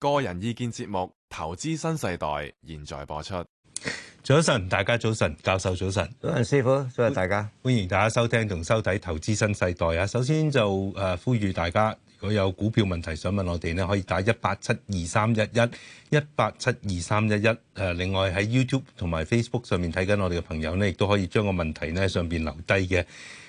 個人意見節目《投資新世代》現在播出。早晨，大家早晨，教授早晨，早晨，師傅，早晨，大家歡迎大家收聽同收睇《投資新世代》啊。首先就誒呼籲大家，如果有股票問題想問我哋咧，可以打一八七二三一一一八七二三一一誒。另外喺 YouTube 同埋 Facebook 上面睇緊我哋嘅朋友呢，亦都可以將個問題呢上邊留低嘅。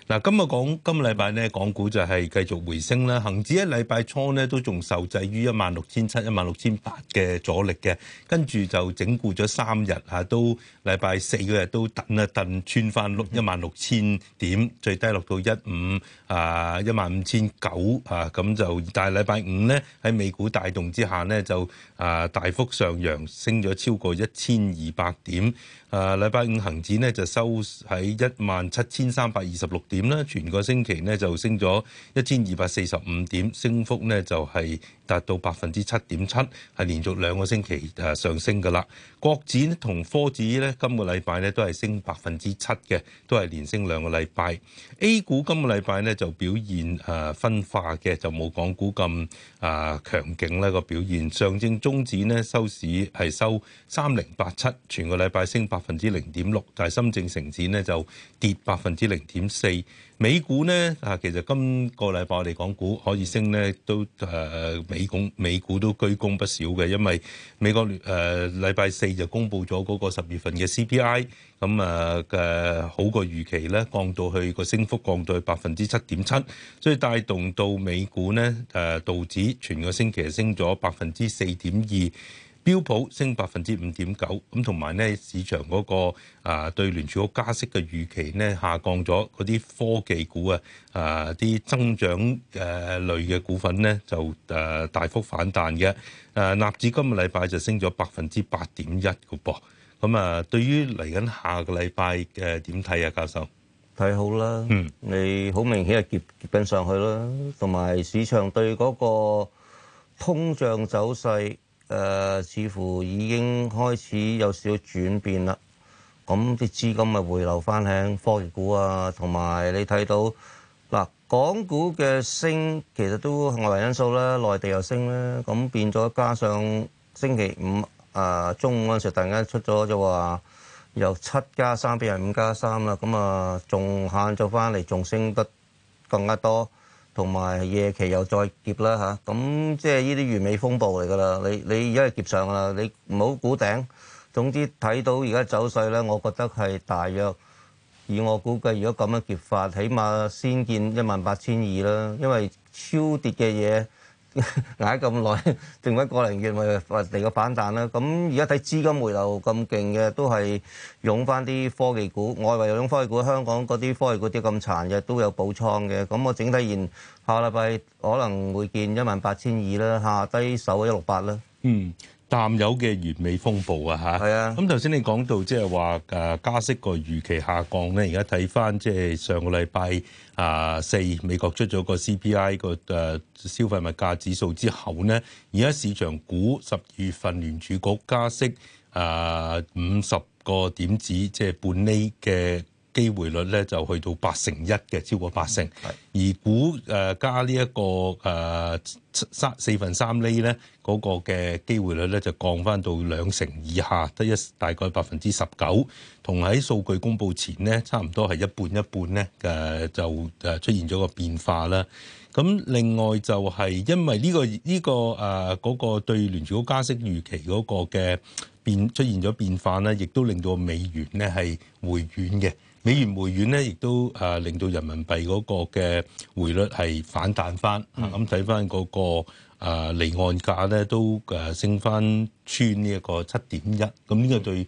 嗱，今日講今個禮拜呢，港股就係繼續回升啦。恒指一禮拜初呢都仲受制於一萬六千七、一萬六千八嘅阻力嘅，跟住就整固咗三日嚇，都禮拜四個日都掙啊掙穿翻六一萬六千點，最低落到一五啊一萬五千九啊，咁就，但係禮拜五呢，喺美股帶動之下呢，就啊大幅上揚，升咗超過一千二百點。誒，禮拜五恆指呢，就收喺一萬七千三百二十六點啦，全個星期呢，就升咗一千二百四十五點，升幅呢，就係、是。達到百分之七點七，係連續兩個星期誒上升嘅啦。國指同科指呢，今個禮拜咧都係升百分之七嘅，都係連升兩個禮拜。A 股今個禮拜呢就表現誒分化嘅，就冇港股咁啊強勁呢個表現。上證綜指呢收市係收三零八七，全個禮拜升百分之零點六，但係深證成指呢就跌百分之零點四。美股呢，啊，其實今個禮拜我哋港股可以升呢，都誒、呃、美股美股都居功不少嘅，因為美國誒禮、呃、拜四就公布咗嗰個十月份嘅 CPI，咁啊嘅、呃、好過預期咧，降到去個升幅降到去百分之七點七，所以帶動到美股呢，誒、呃、道指全個星期升咗百分之四點二。標普升百分之五點九，咁同埋咧市場嗰個啊對聯儲局加息嘅預期咧下降咗，嗰啲科技股啊啊啲增長誒類嘅股份咧就誒大幅反彈嘅。誒納指今個禮拜就升咗百分之八點一個噃。咁啊，對於嚟緊下個禮拜嘅點睇啊，教授睇好啦。嗯，你好明顯係結結緊上去啦，同埋市場對嗰個通脹走勢。誒、呃，似乎已經開始有少少轉變啦。咁啲資金咪回流翻喺科技股啊，同埋你睇到嗱，港股嘅升其實都外圍因素啦，內地又升咧，咁變咗加上星期五啊、呃、中午嗰時突然間出咗就話，由七加三變係五加三啦，咁啊仲限咗翻嚟，仲升得更加多。同埋夜期又再跌啦吓，咁、啊嗯、即係呢啲完美風暴嚟噶啦！你你而家係跌上啦，你唔好估頂。總之睇到而家走勢咧，我覺得係大約以我估計，如果咁樣跌法，起碼先見一萬八千二啦，因為超跌嘅嘢。捱咁耐，定位定過零月咪嚟個反彈啦。咁而家睇資金回流咁勁嘅，都係湧翻啲科技股，外圍又湧科技股，香港嗰啲科技股啲咁殘嘅都有補倉嘅。咁我整體現下個禮拜可能會見一萬八千二啦，下低守一六八啦。嗯。淡有嘅完美風暴啊，吓，係啊。咁頭先你講到即係話誒加息個預期下降咧，而家睇翻即係上個禮拜啊，四美國出咗個 CPI 個誒消費物價指數之後咧，而家市場估十二月份聯儲局加息啊五十個點子，即係半釐嘅。機會率咧就去到八成一嘅，超過八成。是而股誒、呃、加、這個呃、呢一、那個誒三四分三厘咧，嗰個嘅機會率咧就降翻到兩成以下，得一大概百分之十九。同喺數據公佈前咧，差唔多係一半一半咧誒、呃，就誒出現咗個變化啦。咁另外就係因為呢、這個呢、這個誒嗰、呃那個對聯儲局加息預期嗰個嘅變出現咗變化咧，亦都令到美元咧係回軟嘅。美元回軟咧，亦都誒、呃、令到人民幣嗰個嘅匯率係反彈翻，咁睇翻嗰個誒、呃、離岸價咧都誒、呃、升翻穿呢一個七點一，咁呢個對誒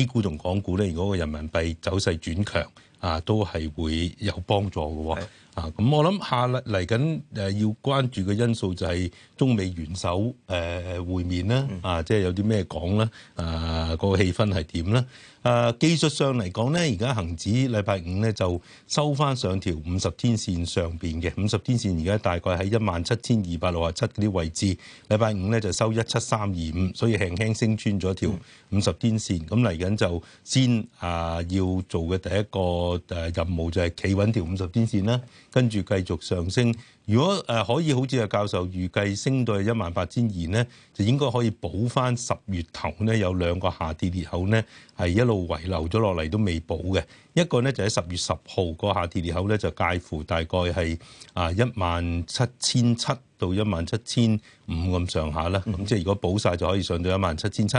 A 股同港股咧，如果個人民幣走勢轉強啊，都係會有幫助嘅喎。的啊，咁我諗下嚟緊誒要關注嘅因素就係中美元首誒、呃、會面咧，嗯、啊，即係有啲咩講咧，啊，個氣氛係點咧？誒技術上嚟講咧，而家恒指禮拜五咧就收翻上條五十天線上邊嘅五十天線，而家大概喺一萬七千二百六十七啲位置。禮拜五咧就收一七三二五，所以輕輕升穿咗條五十天線。咁嚟緊就先啊要做嘅第一個誒任務就係企穩條五十天線啦，跟住繼續上升。如果誒可以好似阿教授預計升到一萬八千二咧，就應該可以補翻十月頭咧。有兩個下跌裂口咧係一路遺留咗落嚟都未補嘅，一個咧就喺十月十號個下跌裂口咧就介乎大概係啊一萬七千七到一萬七千五咁上下啦，咁即係如果補晒，就可以上到一萬七千七。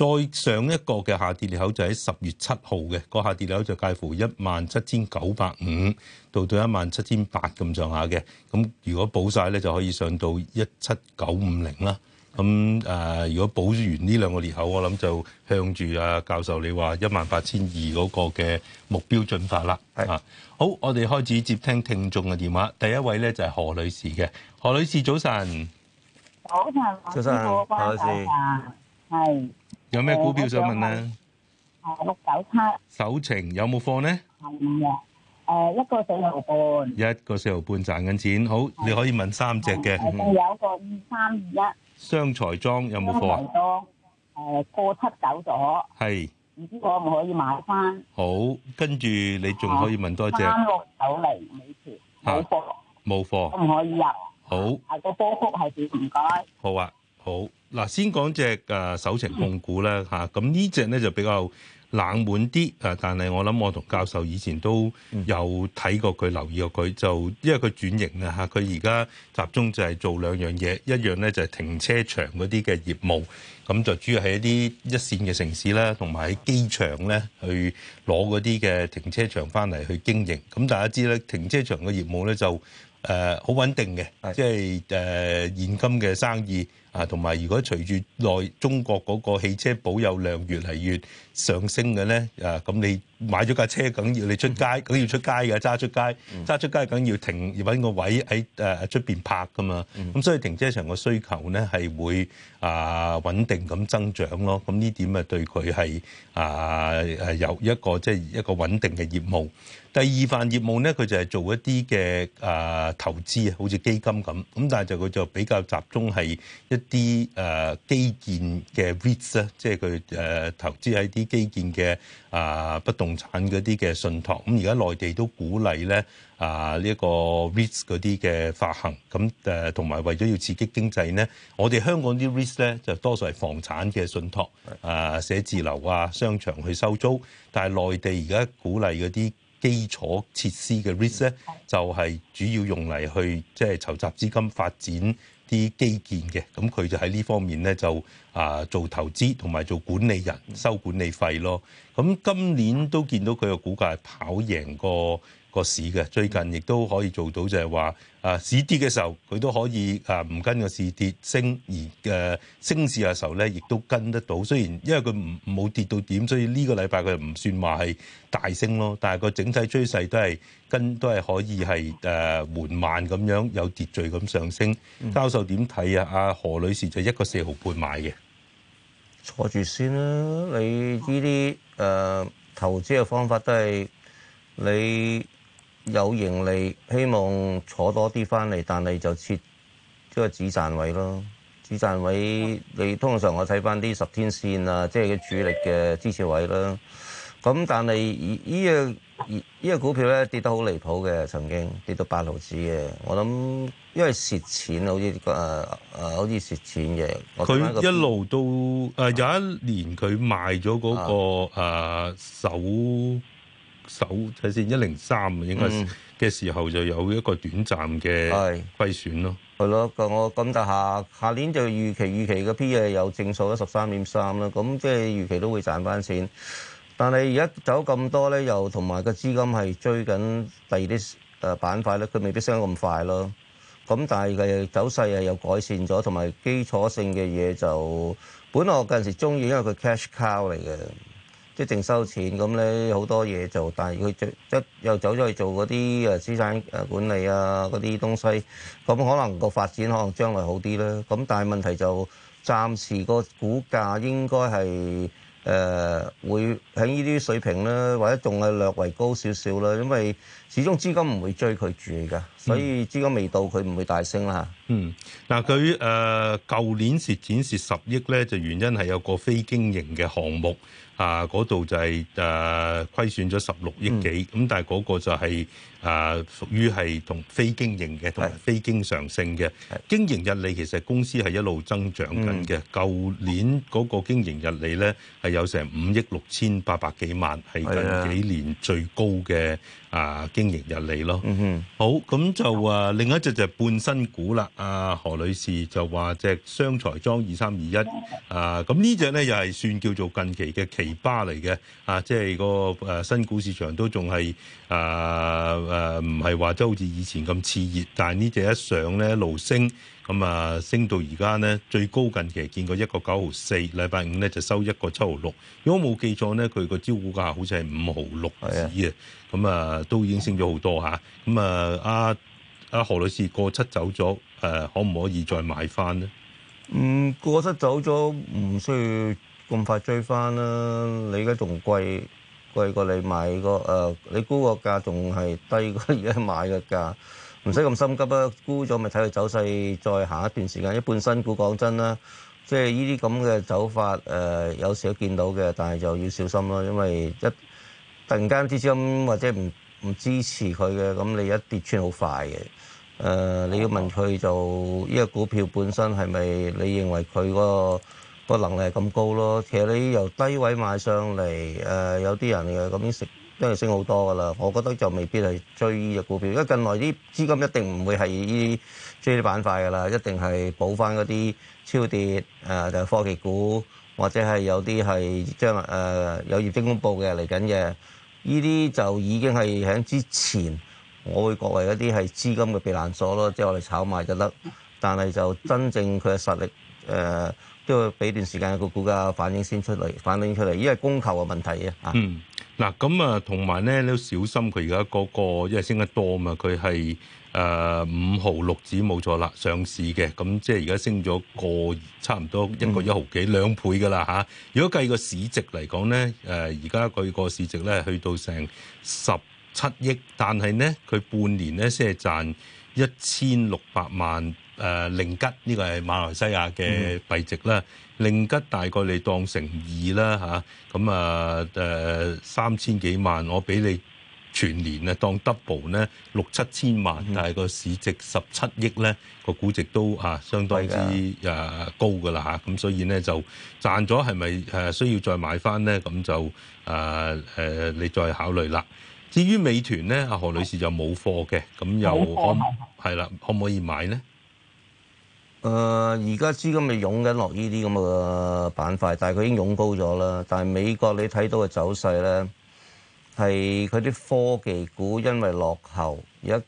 再上一個嘅下跌裂口就喺十月七號嘅個下跌裂口，就介乎一萬七千九百五到到一萬七千八咁上下嘅，咁如果補晒咧就可以上到一七九五零啦。咁誒，如果補完呢兩個裂口，我諗就向住啊教授你話一萬八千二嗰個嘅目標進發啦。係啊。好，我哋開始接聽聽眾嘅電話。第一位咧就係何女士嘅。何女士，早晨。早晨。早晨。何女有咩股票想問咧？誒六九七，首程有冇貨咧？係冇，誒一個四毫半，一個四毫半賺緊錢。好，你可以問三隻嘅。仲有一個二三二一，雙財莊有冇貨啊？多，誒過七走咗。係，唔知可唔可以買翻？好，跟住你仲可以問多隻嘅。三六九零尾盤冇貨，冇貨，可唔可以入？好，係個波幅係點？唔該。好啊，好。嗱，先講隻誒首程控股啦。嚇，咁呢隻咧就比較冷門啲，誒，但係我諗我同教授以前都有睇過佢，留意過佢，就因為佢轉型啊嚇，佢而家集中就係做兩樣嘢，一樣咧就係停車場嗰啲嘅業務，咁就主要係一啲一線嘅城市啦，同埋喺機場咧去攞嗰啲嘅停車場翻嚟去經營。咁大家知咧，停車場嘅業務咧就誒好穩定嘅，即係誒現金嘅生意。啊，同埋如果隨住內中國嗰個汽車保有量越嚟越上升嘅咧，誒，咁你買咗架車梗要你出街，梗要出街嘅，揸出街，揸出街梗要停，要揾個位喺誒出邊泊噶嘛。咁所以停車場嘅需求咧係會啊穩、呃、定咁增長咯。咁呢點啊對佢係啊誒有一個即係、就是、一個穩定嘅業務。第二份業務咧，佢就係做一啲嘅誒投資啊，好似基金咁。咁但係就佢就比較集中係一啲誒、呃、基建嘅 REITs 咧，即係佢誒投資喺啲。啲基建嘅啊，不動產嗰啲嘅信託，咁而家內地都鼓勵咧啊呢個 REIT 嗰啲嘅發行，咁誒同埋為咗要刺激經濟咧，我哋香港啲 REIT 咧就多數係房產嘅信託啊，寫字樓啊、商場去收租，但係內地而家鼓勵嗰啲基礎設施嘅 REIT 咧，就係主要用嚟去即係籌集資金發展。啲基建嘅，咁佢就喺呢方面呢，就啊做投資同埋做管理人收管理費咯。咁今年都見到佢嘅股價係跑贏個。個市嘅最近亦都可以做到就，就係話啊市跌嘅時候佢都可以啊唔跟個市跌升而嘅、呃、升市嘅時候咧，亦都跟得到。雖然因為佢唔冇跌到點，所以呢個禮拜佢唔算話係大升咯。但係個整體趨勢都係跟都係可以係誒、呃、緩慢咁樣有秩序咁上升。教授、嗯、點睇啊？阿何女士就一個四毫半買嘅，坐住先啦、啊。你呢啲誒投資嘅方法都係你。有盈利，希望坐多啲翻嚟，但係就設即係止賺位咯。止賺位，你通常我睇翻啲十天線啊，即係嘅主力嘅支持位啦。咁但係依樣依個股票咧跌得好離譜嘅，曾經跌到八毫紙嘅。我諗因為蝕錢，好似啊、呃、啊，好似蝕錢嘅。佢一路都誒有一年佢賣咗嗰、嗰個、啊啊、手。走睇先一零三應該嘅、嗯、時候就有一個短暫嘅虧損咯的，係咯、嗯，我咁就下下年就預期預期嘅 P 係有正數一十三點三啦，咁即係預期都會賺翻錢。但係而家走咁多咧，又同埋個資金係追緊第二啲誒板塊咧，佢未必升得咁快咯。咁但係佢嘅走勢係又改善咗，同埋基礎性嘅嘢就本來我近時中意，因為佢 cash cow 嚟嘅。即係淨收錢咁咧，好多嘢做，但係佢一又走咗去做嗰啲誒資產誒管理啊嗰啲東西，咁可能個發展可能將來好啲啦。咁但係問題就係、暫時個股價應該係誒、呃、會喺呢啲水平咧，或者仲係略為高少少咧，因為始終資金唔會追佢住㗎，所以資金未到佢唔會大升啦、嗯。嗯，嗱佢誒舊年蝕展蝕十億咧，就原因係有個非經營嘅項目。啊！嗰度就係誒虧損咗十六億幾，咁但係嗰個就係、是。啊，屬於係同非經營嘅，同埋非經常性嘅經營溢利，其實公司係一路增長緊嘅。嗯、舊年嗰個經營溢利咧，係有成五億六千八百幾萬，係近幾年最高嘅啊經營溢利咯。嗯哼，好咁就啊，另一隻就係半新股啦。啊，何女士就話隻雙財莊二三二一啊，咁呢隻咧又係算叫做近期嘅奇葩嚟嘅啊，即係，個誒新股市場都仲係。啊誒，唔係話即好似以前咁熾熱，但係呢隻一上咧一路升，咁啊升到而家咧最高近期見過一個九毫四，禮拜五咧就收一個七毫六。如果冇記錯咧，佢個招股價好似係五毫六紙嘅，咁啊，啊都已經升咗好多吓。咁啊，阿、啊、阿、啊、何女士過七走咗，誒、啊，可唔可以再買翻呢？嗯，過七走咗，唔需要咁快追翻啦。你而家仲貴。貴過你買個誒、呃，你估個價仲係低過而家買嘅價，唔使咁心急啊。估咗咪睇佢走勢，再行一段時間。一半新股講真啦，即係呢啲咁嘅走法誒、呃，有時都見到嘅，但係就要小心咯，因為一突然間資金或者唔唔支持佢嘅，咁你一跌穿好快嘅。誒、呃，你要問佢就呢個股票本身係咪你認為佢嗰、那個，個能力係咁高咯，其實你由低位買上嚟，誒、呃、有啲人又咁樣食都係升好多噶啦。我覺得就未必係追呢隻股票，因為近來啲資金一定唔會係呢追啲板塊噶啦，一定係補翻嗰啲超跌誒、呃，就係、科技股或者係有啲係將誒有業績公布嘅嚟緊嘅，呢啲就已經係喺之前，我會覺為一啲係資金嘅避難所咯，即係我哋炒賣就得，但係就真正佢嘅實力誒。呃都俾段時間個股價反應先出嚟，反應出嚟，因為係供求嘅問題啊！嗯，嗱咁啊，同埋咧你要小心佢而家嗰個，因為升得多啊嘛，佢係誒五毫六子冇錯啦，上市嘅，咁、嗯、即係而家升咗個差唔多一個一毫幾兩倍噶啦嚇。如果計個市值嚟講咧，誒而家佢個市值咧去到成十七億，但係咧佢半年咧先係賺一千六百萬。誒令、呃、吉呢、呢個係馬來西亞嘅幣值啦，令、嗯、吉大概你當成二啦嚇，咁啊誒三千幾萬，我俾你全年啊當 double 呢六七千萬，嗯、但係個市值十七億咧，個估值都啊相當之誒高嘅啦嚇，咁的、啊、所以咧就賺咗係咪誒需要再買翻咧？咁就啊誒、啊、你再考慮啦。至於美團咧，阿何女士就冇貨嘅，咁又可係啦，可唔可以買咧？的誒而家資金咪湧緊落呢啲咁嘅板塊，但係佢已經湧高咗啦。但係美國你睇到嘅走勢咧，係佢啲科技股因為落後，而家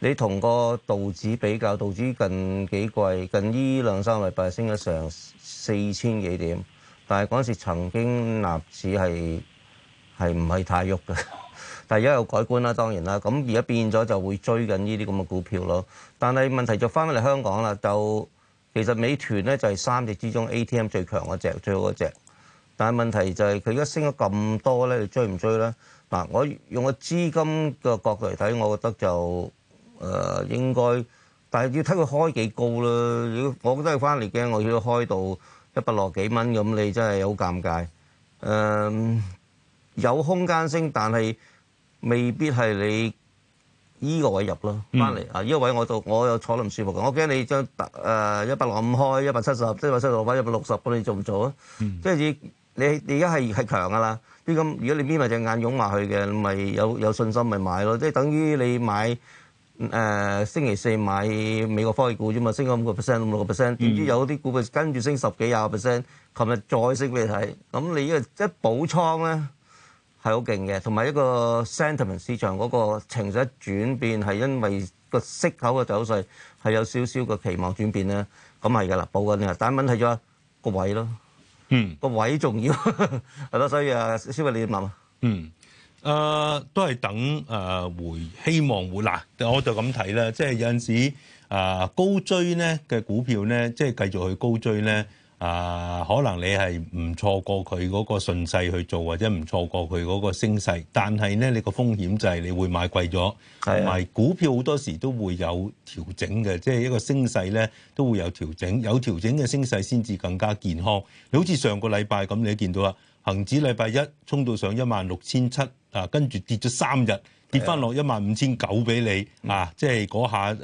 你同個道指比較，道指近幾季近呢兩三個禮拜升咗成四千幾點，但係嗰陣時曾經納指係係唔係太喐嘅。但而家又改觀啦，當然啦。咁而家變咗就會追緊呢啲咁嘅股票咯。但係問題就翻翻嚟香港啦，就其實美團咧就係三隻之中 ATM 最強嗰隻，最好嗰隻。但係問題就係佢而家升咗咁多咧，你追唔追咧？嗱、啊，我用個資金嘅角度嚟睇，我覺得就誒、呃、應該，但係要睇佢開幾高啦。如果我覺得佢翻嚟嘅，我要開到一百落幾蚊，咁你真係好尷尬。誒、呃、有空間升，但係。未必係你依個位入咯，翻嚟、嗯、啊！依、依個位我度，我又坐得唔舒服，我驚你將特一百六五開一百七十，即一百七度翻一百六十，咁你做唔做啊？嗯、即係你你你而家係強噶啦，啲咁如果你眯埋隻眼擁埋去嘅，咪有有信心咪買咯？即係等於你買誒、呃、星期四買美國科技股啫嘛，升咗五個 percent、五六個 percent，點知有啲股票跟住升十幾廿個 percent，琴日再升俾你睇，咁你依個即係補倉咧？係好勁嘅，同埋一個 sentiment，市場嗰個情緒轉變係因為個息口嘅走勢係有少少嘅期望轉變咧，咁係噶啦，保緊啊，但係問題睇咗個位咯，個位重要係咯，所以啊，小慧你點諗啊？嗯，誒都係等誒回希望會嗱，我就咁睇啦，即係有陣時誒高追咧嘅股票咧，即係繼續去高追咧。啊，可能你係唔錯過佢嗰個順勢去做，或者唔錯過佢嗰個升勢，但係呢，你個風險就係你會買貴咗，同埋的股票好多時都會有調整嘅，即係一個升勢呢，都會有調整，有調整嘅升勢先至更加健康。你好似上個禮拜咁，你都見到啦，恒指禮拜一衝到上一萬六千七，啊，跟住跌咗三日。啊、跌翻落一萬五千九俾你、嗯、啊！即係嗰下誒誒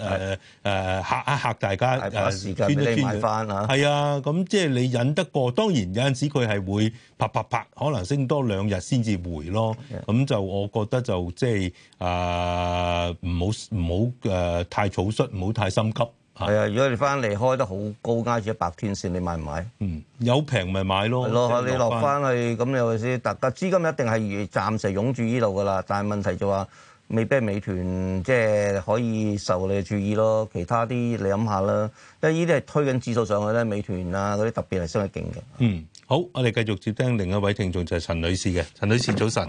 嚇一嚇大家，轉一轉翻嚇。係、呃、啊，咁即係你忍得過。當然有陣時佢係會啪，啪啪啪，可能升多兩日先至回咯。咁、啊、就我覺得就即係誒唔好唔好誒太草率，唔好太心急。係啊！如果你翻嚟開得好高，挨住一百天線，你買唔買？嗯，有平咪買咯。落你落翻去咁，你話先。大家資金一定係暫時擁住呢度噶啦。但係問題就話未必係美團，即係可以受你注意咯。其他啲你諗下啦。因為呢啲係推緊指數上去咧，美團啊嗰啲特別係升得勁嘅。嗯，好，我哋繼續接聽另一位聽眾就係陳女士嘅。陳女士，早晨。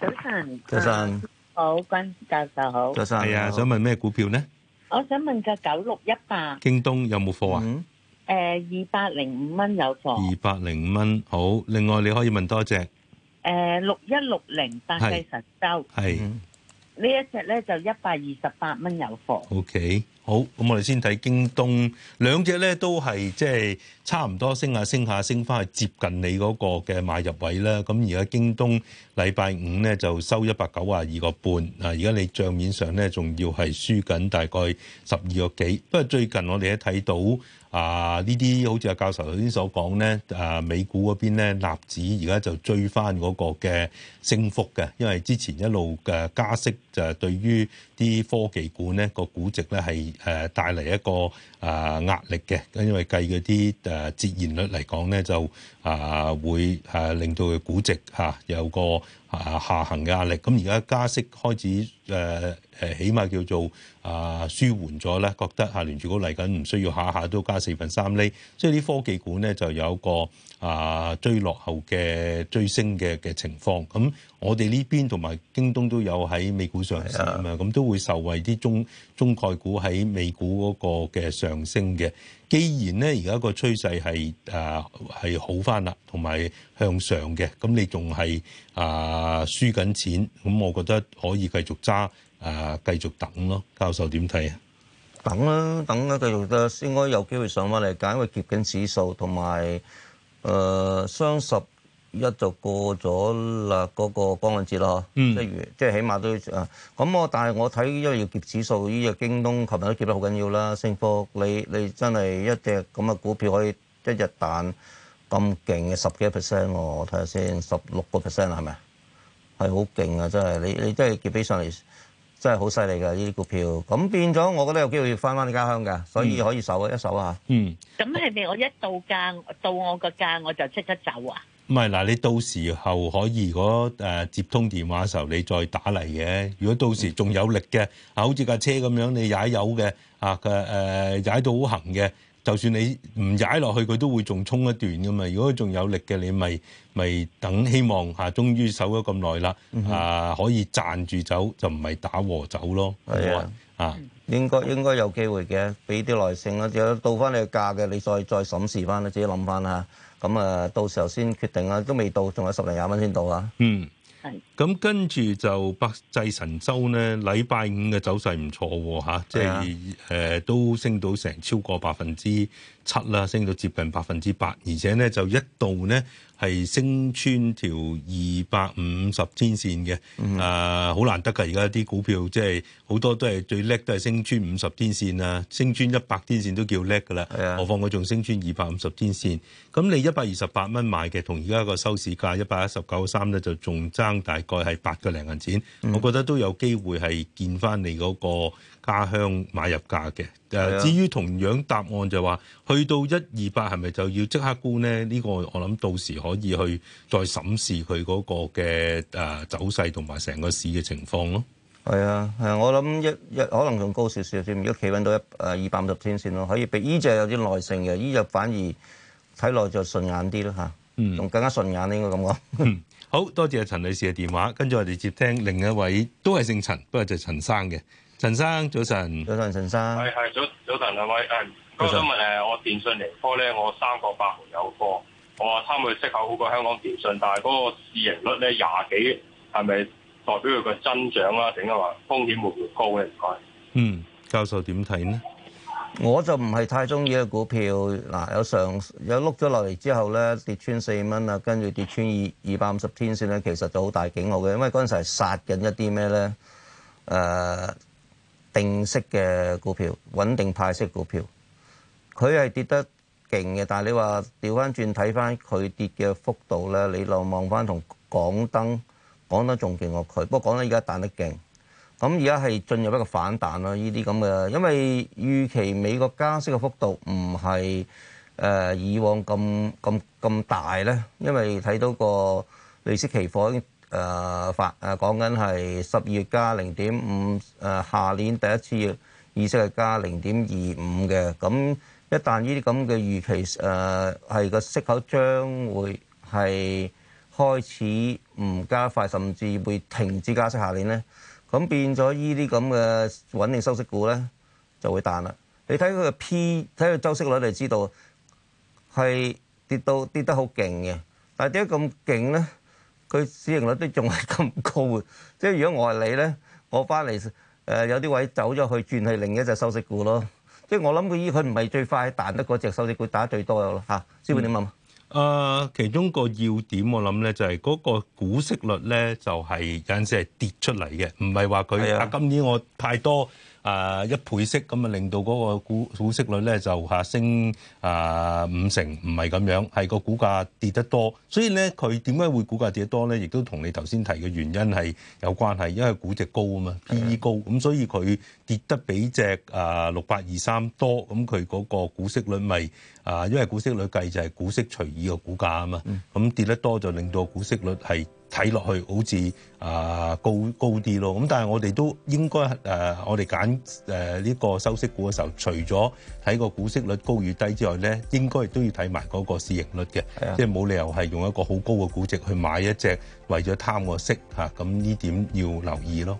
早晨。早晨。好，關教授好。早晨。係啊，想問咩股票呢？我想問個九六一八，京東有冇貨啊？誒、嗯，二百零五蚊有貨。二百零五蚊好，另外你可以問多一隻。誒、呃，六是、嗯、一六零百濟神州。係。呢一隻咧就一百二十八蚊有貨。OK。好，咁我哋先睇京東，兩隻咧都係即係差唔多升下升下升翻去接近你嗰個嘅買入位啦。咁而家京東禮拜五咧就收一百九啊二個半，啊，而家你帳面上咧仲要係輸緊大概十二個幾。不過最近我哋都睇到啊，呢啲好似阿教授頭先所講咧，啊，美股嗰邊咧納指而家就追翻嗰個嘅升幅嘅，因為之前一路嘅加息就係對於啲科技股咧個估值咧係誒帶嚟一個啊壓力嘅，因為計嗰啲誒折現率嚟講咧就啊會誒令到佢估值嚇有個啊下行嘅壓力。咁而家加息開始誒誒，起碼叫做啊舒緩咗咧，覺得啊聯儲局嚟緊唔需要下下都加四分三厘，即係啲科技股咧就有個。啊，追落後嘅追升嘅嘅情況，咁我哋呢邊同埋京東都有喺美股上市的啊嘛，咁都會受惠啲中中概股喺美股嗰個嘅上升嘅。既然咧而家個趨勢係啊係好返啦，同埋向上嘅，咁你仲係啊輸緊錢，咁我覺得可以繼續揸啊，繼續等咯。教授點睇啊？等啦，等啊，繼續啊，應該有機會上返嚟㗎，因為恆生指數同埋。誒、呃、雙十一就過咗啦，嗰、那個光棍節啦嗬、嗯，即係即係起碼都要。咁、啊、我但係我睇，因為要結指數，呢、這個京東琴日都結得好緊要啦，升幅你你真係一隻咁嘅股票可以一日彈咁勁，十幾 percent 喎，我睇下先，十六個 percent 係咪？係好勁啊！真係，你你真係結起上嚟。真係好犀利㗎！呢啲股票咁變咗，我覺得有機會要翻翻你家鄉嘅，所以可以守一守啊！嗯，咁係咪我一到價到我個價我就即刻走啊？唔係嗱，你到時候可以如果誒接通電話嘅時候，你再打嚟嘅。如果到時仲有力嘅啊，好似架車咁樣，你踩油嘅啊嘅誒踩到好行嘅。就算你唔踩落去，佢都會仲衝一段噶嘛。如果佢仲有力嘅，你咪咪等希望嚇，終於守咗咁耐啦，啊,、mm hmm. 啊可以賺住走就唔係打和走咯。係啊，啊應該應該有機會嘅，俾啲耐性啦。有到翻你價嘅，你再再審視翻你自己諗翻嚇。咁啊，到時候先決定啦。都未到，仲有十零廿蚊先到啊。嗯、mm。Hmm. 咁跟住就百濟神州咧，禮拜五嘅走勢唔錯喎嚇，即係誒、呃、都升到成超過百分之七啦，升到接近百分之八，而且咧就一度咧。係升穿條二百五十天線嘅，啊、嗯，好、呃、難得噶！而家啲股票即係好多都係最叻，都係升穿五十天線啊，升穿一百天線都叫叻噶啦。何況佢仲升穿二百五十天線，咁你一百二十八蚊買嘅，同而家個收市價一百一十九三咧，就仲爭大概係八個零銀錢，嗯、我覺得都有機會係見翻你嗰個。家鄉買入價嘅，誒、啊，至於同樣答案就話，去到一二百係咪就要即刻沽呢？呢、這個我諗到時可以去再審視佢嗰個嘅誒走勢同埋成個市嘅情況咯。係啊，係、啊、我諗一一可能仲高少少先，一企穩到一誒二百五十天線咯，可以畀。畀依隻有啲耐性嘅，依隻反而睇落就順眼啲咯嚇，嗯，仲更加順眼應該咁講。 好多謝陳女士嘅電話，跟住我哋接聽另一位都係姓陳，不過就陳生嘅。陳生早晨，早晨，陳早，早晨陳生係係早早晨，兩位誒，都想問誒，我電信嚟科咧，我三個八毫有貨，我話貪佢適合好過香港電訊，但係嗰個市盈率咧廿幾，係咪代表佢個增長啦？定係話，風險會唔會高咧？唔該，嗯，教授點睇呢？我就唔係太中意嘅股票，嗱，有上有碌咗落嚟之後咧，跌穿四蚊啊，跟住跌穿二二百五十天線咧，其實就好大警號嘅，因為嗰陣時係殺緊一啲咩咧誒。呃定息嘅股票，穩定派息股票，佢係跌得勁嘅。但係你話調翻轉睇翻佢跌嘅幅度咧，你又望翻同港燈，港燈仲勁過佢。不過港燈而家彈得勁，咁而家係進入一個反彈啦。呢啲咁嘅，因為預期美國加息嘅幅度唔係誒以往咁咁咁大咧，因為睇到個利息期貨已經。誒發誒講緊係十二月加零點五誒，下年第一次利息係加零點二五嘅。咁一旦呢啲咁嘅預期誒係個息口將會係開始唔加快，甚至會停止加息下年咧，咁變咗呢啲咁嘅穩定收息股咧就會彈啦。你睇佢個 P，睇佢周息率你就知道係跌到跌得好勁嘅。但係點解咁勁咧？佢市盈率都仲係咁高嘅，即係如果我係你咧，我翻嚟誒有啲位走咗去轉去另一隻收息股咯。即係我諗佢依佢唔係最快彈得嗰隻收息股打得最多咯吓、啊，師傅點諗？誒、嗯呃，其中個要點我諗咧就係嗰個股息率咧就係有陣時係跌出嚟嘅，唔係話佢啊，今年我太多。啊，uh, 一倍息咁啊，令到嗰個股股息率咧就下升啊、uh, 五成，唔係咁樣，係個股價跌得多，所以咧佢點解會股價跌得多咧？亦都同你頭先提嘅原因係有關係，因為估值高啊嘛，P/E 高，咁的所以佢跌得比隻啊六八二三多，咁佢嗰個股息率咪、就是、啊，因為股息率計就係股息除以個股價啊嘛，咁、嗯、跌得多就令到股息率係。睇落去好似啊高高啲咯，咁但係我哋都應該誒，我哋揀誒呢個收息股嘅時候，除咗睇個股息率高與低之外咧，應該都要睇埋嗰個市盈率嘅，的即係冇理由係用一個好高嘅估值去買一隻為咗貪個息嚇，咁呢點要留意咯。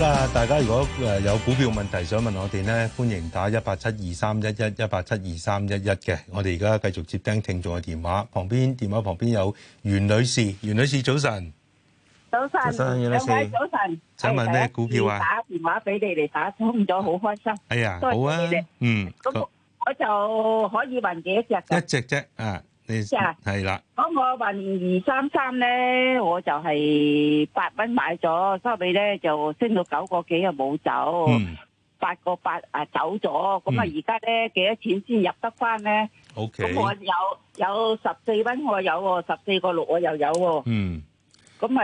啊！大家如果誒有股票問題想問我哋咧，歡迎打一八七二三一一一八七二三一一嘅。我哋而家繼續接聽聽眾嘅電話。旁邊電話，旁邊有袁女士，袁女士早晨，早晨，袁女士早晨，請問咩看股票啊？打電話俾你哋，打通咗，好開心。哎呀，好啊，嗯，咁我就可以問幾隻？好一隻啫，啊。係啦，咁我運二三三咧，我就係八蚊買咗，收尾咧就升到九個幾又冇走，八個八啊走咗。咁啊，而家咧幾多錢先入得翻咧？咁我有有十四蚊，我有十四個六我又有。嗯，咁咪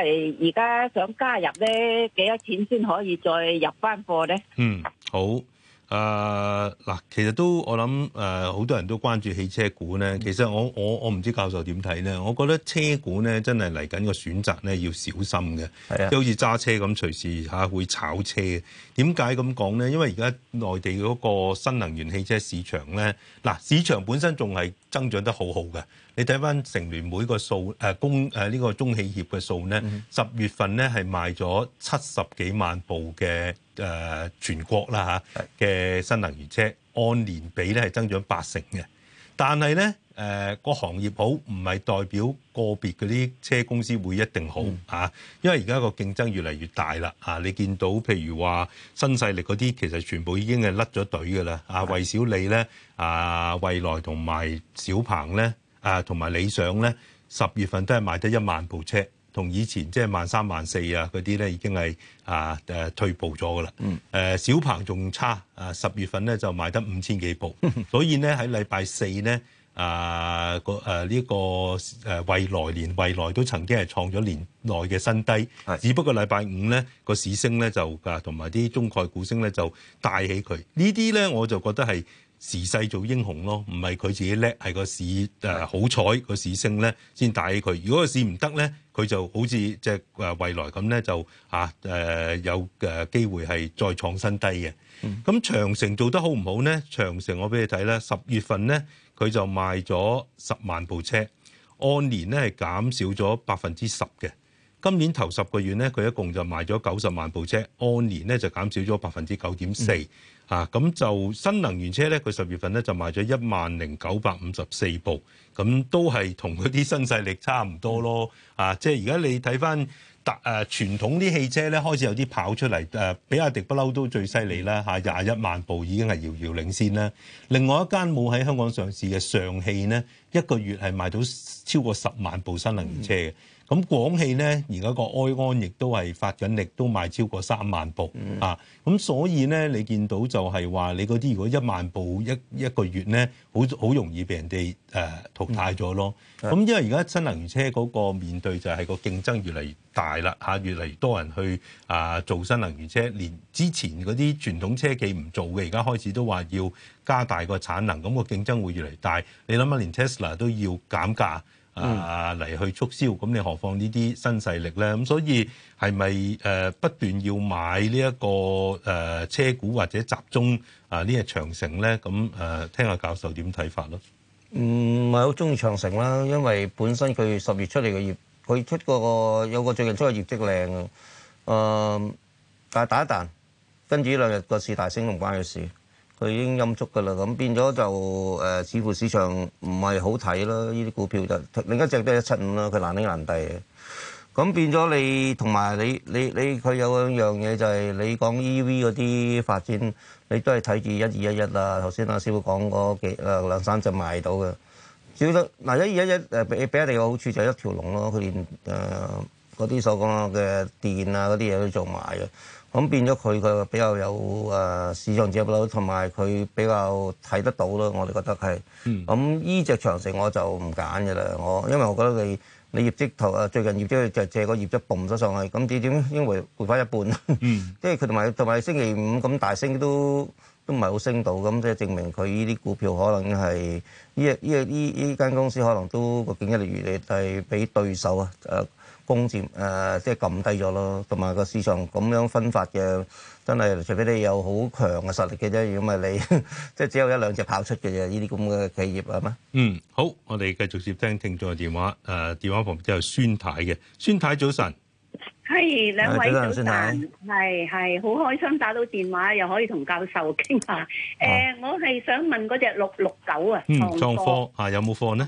而家想加入咧，幾多錢先可以再入翻貨咧？嗯，好。啊嗱、呃，其實都我諗誒，好、呃、多人都關注汽車股咧。其實我我我唔知教授點睇咧。我覺得車股咧真係嚟緊個選擇咧，要小心嘅。即係好似揸車咁，隨時嚇會炒車。點解咁講咧？因為而家內地嗰個新能源汽車市場咧，嗱市場本身仲係增長得好好嘅。你睇翻成聯會個數，誒公誒呢個中汽協嘅數咧，十月份咧係賣咗七十幾萬部嘅誒全國啦嚇嘅新能源車，按年比咧係增長八成嘅。但係咧誒個行業好唔係代表個別嗰啲車公司會一定好嚇，因為而家個競爭越嚟越大啦嚇。你見到譬如話新勢力嗰啲，其實全部已經係甩咗隊㗎啦。阿蔚小理咧，阿蔚來同埋小鵬咧。啊，同埋理想咧，十月份都係賣得一萬部車，同以前即係萬三萬四啊嗰啲咧，已經係啊誒、啊、退步咗噶啦。誒、嗯啊、小鵬仲差啊，十月份咧就賣得五千幾部，嗯、所以咧喺禮拜四咧啊，啊、呢個誒呢個誒蔚來年蔚來都曾經係創咗年內嘅新低。係，只不過禮拜五咧個市升咧就啊，同埋啲中概股升咧就帶起佢。呢啲咧我就覺得係。時勢做英雄咯，唔係佢自己叻，係個市誒好彩個市升咧先帶起佢。如果個市唔得咧，佢就好似即係誒未來咁咧就嚇誒有誒機會係再創新低嘅。咁、嗯、長城做得好唔好咧？長城我俾你睇啦，十月份咧佢就賣咗十萬部車，按年咧係減少咗百分之十嘅。今年頭十個月咧，佢一共就賣咗九十萬部車，按年咧就減少咗百分之九點四。嗯嗯啊，咁就新能源車咧，佢十月份咧就賣咗一萬零九百五十四部，咁都係同嗰啲新勢力差唔多咯。啊，即係而家你睇翻特誒傳統啲汽車咧，開始有啲跑出嚟誒、啊，比亞迪不嬲都最犀利啦嚇，廿一萬部已經係遙遙領先啦。另外一間冇喺香港上市嘅上汽呢，一個月係賣到超過十萬部新能源車嘅。嗯咁廣汽咧，而家個埃安亦都係發緊力，都賣超過三萬部、mm. 啊！咁所以咧，你見到就係話你嗰啲如果一萬部一一個月咧，好好容易被人哋誒、呃、淘汰咗咯。咁、mm. 啊、因為而家新能源車嗰個面對就係、是、個競爭越嚟越大啦嚇、啊，越嚟越多人去啊做新能源車，連之前嗰啲傳統車企唔做嘅，而家開始都話要加大個產能，咁、那個競爭會越嚟越大。你諗下，連 Tesla 都要減價。啊嚟、嗯、去促銷，咁你何況呢啲新勢力咧？咁所以係咪誒不斷、呃、要買呢、這、一個誒、呃、車股或者集中啊呢、呃這個長城咧？咁誒、呃、聽下教授點睇法咯？唔係好中意長城啦，因為本身佢十月出嚟嘅業，佢出個有個最近出個業績靚啊，但係打一彈，跟住呢兩日個市大升，唔關佢事。佢已經陰足嘅啦，咁變咗就誒、呃，似乎市場唔係好睇啦。呢啲股票就另一隻都係一七五啦，佢難升難跌嘅。咁變咗你同埋你你、就是、你佢有兩樣嘢就係你講 EV 嗰啲發展，你都係睇住一二一一啦。頭先阿師傅講過幾兩三隻賣到嘅，主要嗱、啊、一二一一誒，俾俾佢哋嘅好處就係一條龍咯。佢連誒嗰啲所講嘅電啊嗰啲嘢都做埋嘅。咁變咗佢佢比較有誒、呃、市場接觸咯，同埋佢比較睇得到咯，我哋覺得係。咁呢隻長城我就唔揀嘅啦，我因為我覺得你你業績頭啊，最近業績就借個業績蹦咗上去，咁點點應回回翻一半，即係佢同埋同埋星期五咁大升都。都唔係好升到，咁即係證明佢呢啲股票可能係呢，依依依間公司可能都個競爭力越嚟越低，俾對手啊誒，攻佔誒即係撳低咗咯。同埋個市場咁樣分發嘅，真係除非你有好強嘅實力嘅啫。如果唔係你即係只有一兩隻跑出嘅啫。呢啲咁嘅企業係咩？嗯，好，我哋繼續接聽聽眾嘅電話。誒、呃、電話旁邊係孫太嘅，孫太早晨。係、hey, hey, 兩位 hey, 早晨，係係好開心打到電話，又可以同教授傾下。誒、啊欸，我係想問嗰隻六六九啊，裝貨啊有冇貨呢？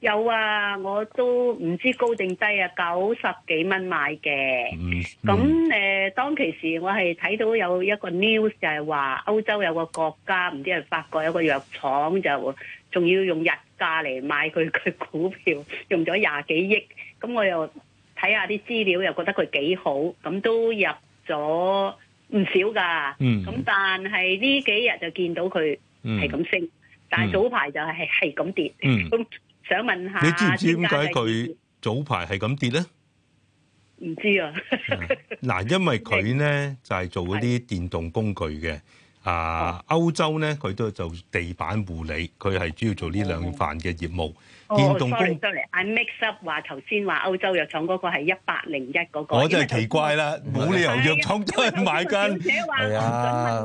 有啊，我都唔知高定低啊，九十幾蚊買嘅。咁誒、嗯，呃嗯、當其時我係睇到有一個 news 就係話歐洲有個國家，唔知係法國有個藥廠，就仲要用日價嚟買佢嘅股票，用咗廿幾億。咁我又。睇下啲資料又覺得佢幾好，咁都入咗唔少㗎。咁但係呢幾日就見到佢係咁升，但係早排就係係咁跌。咁想問下，你知唔知點解佢早排係咁跌咧？唔知啊。嗱，因為佢咧就係做嗰啲電動工具嘅。啊，歐洲咧佢都係做地板護理，佢係主要做呢兩份嘅業務。連同工，I mix up 話頭先話歐洲藥廠嗰個係一百零一嗰個，我真係奇怪啦，冇理由藥廠都買緊，係啊，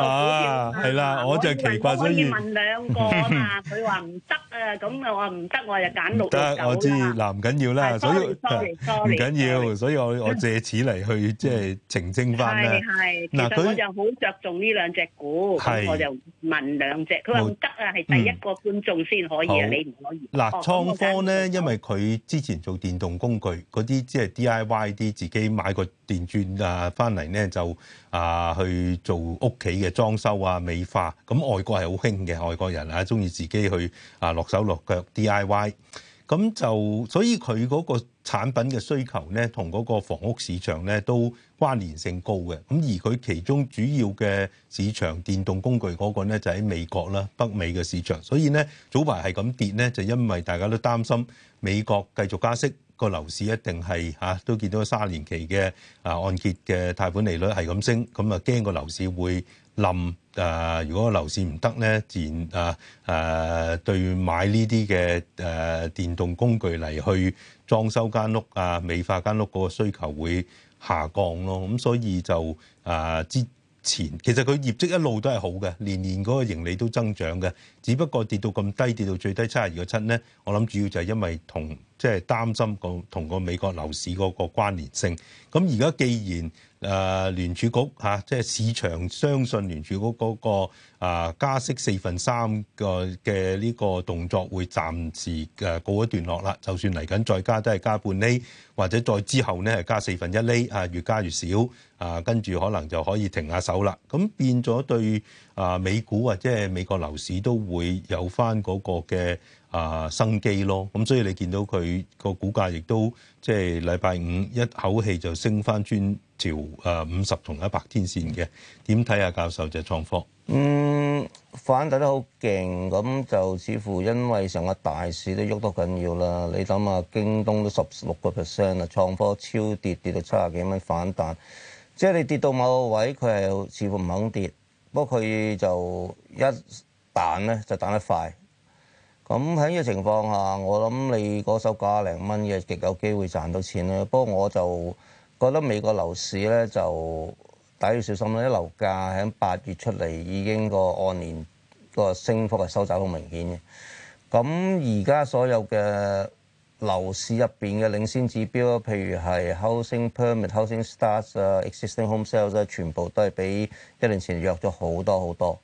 啊，係啦，我就係奇怪所以，可以問兩個啊嘛，佢話唔得啊，咁我話唔得，我就又揀六隻得我知嗱唔緊要啦，所以唔緊要，所以我我藉此嚟去即係澄清翻啦。係係，其實我就好着重呢兩隻股，咁我就問兩隻，佢話唔得啊，係第一個觀眾先可以啊，你唔。嗱，創科咧，因為佢之前做電動工具嗰啲，即係 DIY 啲，自己買個電鑽啊，翻嚟咧就啊去做屋企嘅裝修啊美化。咁、嗯、外國係好興嘅，外國人啊，中意自己去啊落手落腳 DIY。DIY。咁就所以佢嗰個產品嘅需求呢，同嗰個房屋市場呢，都關聯性高嘅。咁而佢其中主要嘅市場電動工具嗰個呢，就喺美國啦，北美嘅市場。所以呢，早排係咁跌呢，就因為大家都擔心美國繼續加息，個樓市一定係吓、啊、都見到三年期嘅啊按揭嘅貸款利率係咁升，咁啊驚個樓市會冧。誒、呃，如果樓市唔得咧，自然誒誒、呃呃、對買呢啲嘅誒電動工具嚟去裝修間屋啊、呃、美化間屋嗰個需求會下降咯。咁、嗯、所以就誒、呃、之前，其實佢業績一路都係好嘅，年年嗰個盈利都增長嘅。只不過跌到咁低，跌到最低七十二個七咧，我諗主要就係因為同即係擔心個同個美國樓市嗰個關聯性。咁而家既然誒、呃、聯儲局嚇、啊，即係市場相信聯儲局嗰、那個、啊、加息四分三個嘅呢個動作會暫時誒告一段落啦。就算嚟緊再加都係加半厘，或者再之後呢，係加四分一厘啊，越加越少啊，跟住可能就可以停下手啦。咁變咗對啊美股或者係美國樓市都會有翻嗰個嘅啊生機咯。咁所以你見到佢個股價亦都即係禮拜五一口氣就升翻轉。朝誒五十同一百天線嘅點睇啊？教授，就創科嗯反彈得好勁，咁就似乎因為成個大市都喐得緊要啦。你諗下，京東都十六個 percent 啦，創科超跌跌到七十幾蚊反彈，即係你跌到某個位，佢係似乎唔肯跌，不過佢就一彈咧就彈得快。咁喺呢個情況下，我諗你嗰手九廿零蚊嘅極有機會賺到錢啦。不過我就～覺得美國樓市咧就大家要小心啦，啲樓價喺八月出嚟已經個按年個升幅係收窄好明顯嘅。咁而家所有嘅樓市入邊嘅領先指標，譬如係 housing permit、housing starts 啊、existing home sales 啊，全部都係比一年前弱咗好多好多。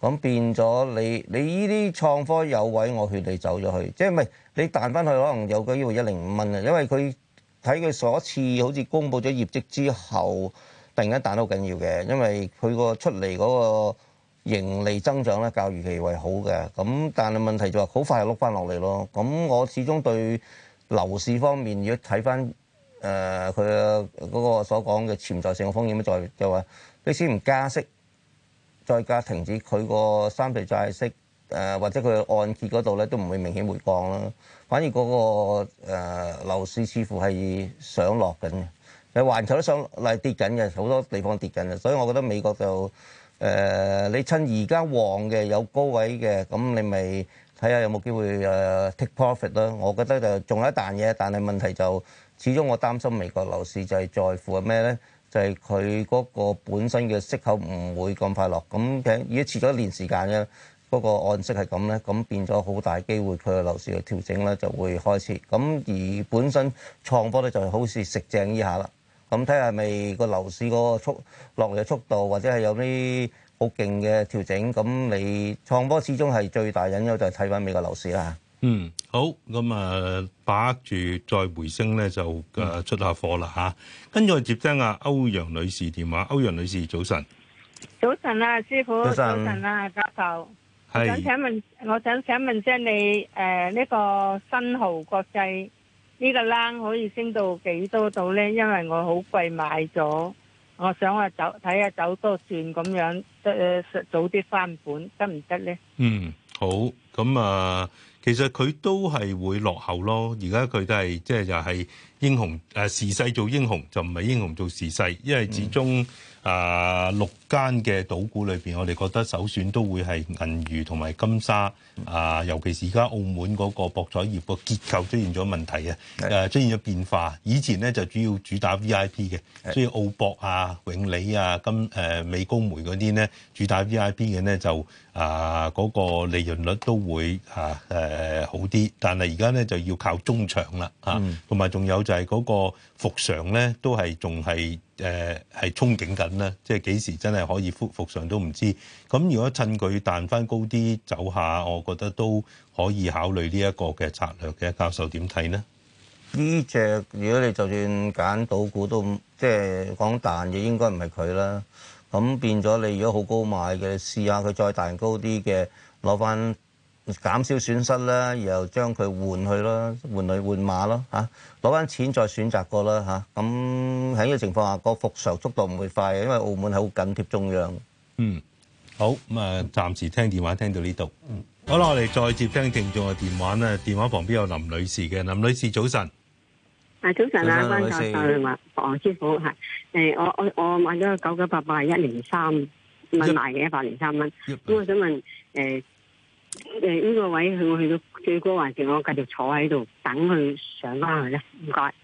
咁變咗你你依啲創科有位，我勸你走咗去，即係唔係你彈翻去可能有機會一零五蚊啊，因為佢。睇佢所次好似公布咗業績之後，突然間彈都好緊要嘅，因為佢個出嚟嗰個盈利增長咧較預期為好嘅。咁但係問題就係、是、好快又碌翻落嚟咯。咁我始終對樓市方面如果睇翻誒佢嗰個所講嘅潛在性嘅風險咧，在就話、是、你先唔加息，再加停止佢個三倍債息誒、呃，或者佢按揭嗰度咧都唔會明顯回降啦。反而嗰、那個誒、呃、樓市似乎係上落緊嘅，你環球都上嚟跌緊嘅，好多地方跌緊嘅，所以我覺得美國就誒、呃，你趁而家旺嘅有高位嘅，咁你咪睇下有冇機會誒、呃、take profit 咯。我覺得就仲有一啖嘢，但係問題就始終我擔心美國樓市就係在乎係咩咧？就係佢嗰個本身嘅息口唔會咁快落，咁其實已經遲咗一年時間啫。嗰個按息係咁咧，咁變咗好大機會，佢個樓市嘅調整咧就會開始。咁而本身創波咧就好似食正呢下啦。咁睇下係咪個樓市嗰個速落嘅速度，或者係有啲好勁嘅調整。咁你創波始終係最大隱憂，就係睇翻美國樓市啦。嗯，好。咁啊，把握住再回升咧，就誒出下貨啦吓，跟住接、接聽阿歐陽女士電話。歐陽女士，早晨。早晨啊，師傅。早晨、早晨啊，教授。是我想請問，我想想問聲你，誒、呃，呢、這個新濠國際呢個欄可以升到幾多度咧？因為我好貴買咗，我想話走睇下走多算咁樣，誒、呃，早啲翻本得唔得咧？行行呢嗯，好，咁啊、呃，其實佢都係會落後咯，而家佢都係即係就係、是就是。英雄誒、呃、時勢做英雄就唔係英雄做時勢，因為始終誒、呃、六間嘅賭股裏邊，我哋覺得首選都會係銀娛同埋金沙啊、呃，尤其是而家澳門嗰個博彩業個結構出現咗問題啊，誒、呃、出現咗變化。以前咧就主要主打 V I P 嘅，所以澳博啊、永利啊、金誒、呃、美高梅嗰啲咧主打 V I P 嘅咧就啊嗰、呃嗰個利潤率都會啊誒、呃、好啲，但係而家咧就要靠中場啦吓，同埋仲有。就係嗰個復常咧，都係仲係誒係憧憬緊啦。即係幾時真係可以復復常都唔知。咁如果趁佢彈翻高啲走下，我覺得都可以考慮呢一個嘅策略嘅。教授點睇呢？呢隻如果你就算揀到股都即係講彈嘅，應該唔係佢啦。咁變咗你如果好高買嘅，試下佢再彈高啲嘅攞翻，減少損失啦，然後將佢換去啦，換去換馬咯嚇，攞翻錢再選擇過啦嚇。咁喺呢個情況下，個復常速度唔會快嘅，因為澳門係好緊貼中央。嗯，好咁啊，暫時聽電話聽到呢度。嗯，好啦，我哋再接聽聽眾嘅電話咧。電話旁邊有林女士嘅，林女士早晨。啊，早晨啊，關教授你好，黃師傅係誒，我我我買咗九九八八一零三蚊買嘅一百零三蚊，咁我想問誒。誒，呢、嗯、個位佢我去到最高，還是我繼續坐喺度等佢上翻去咧？唔該，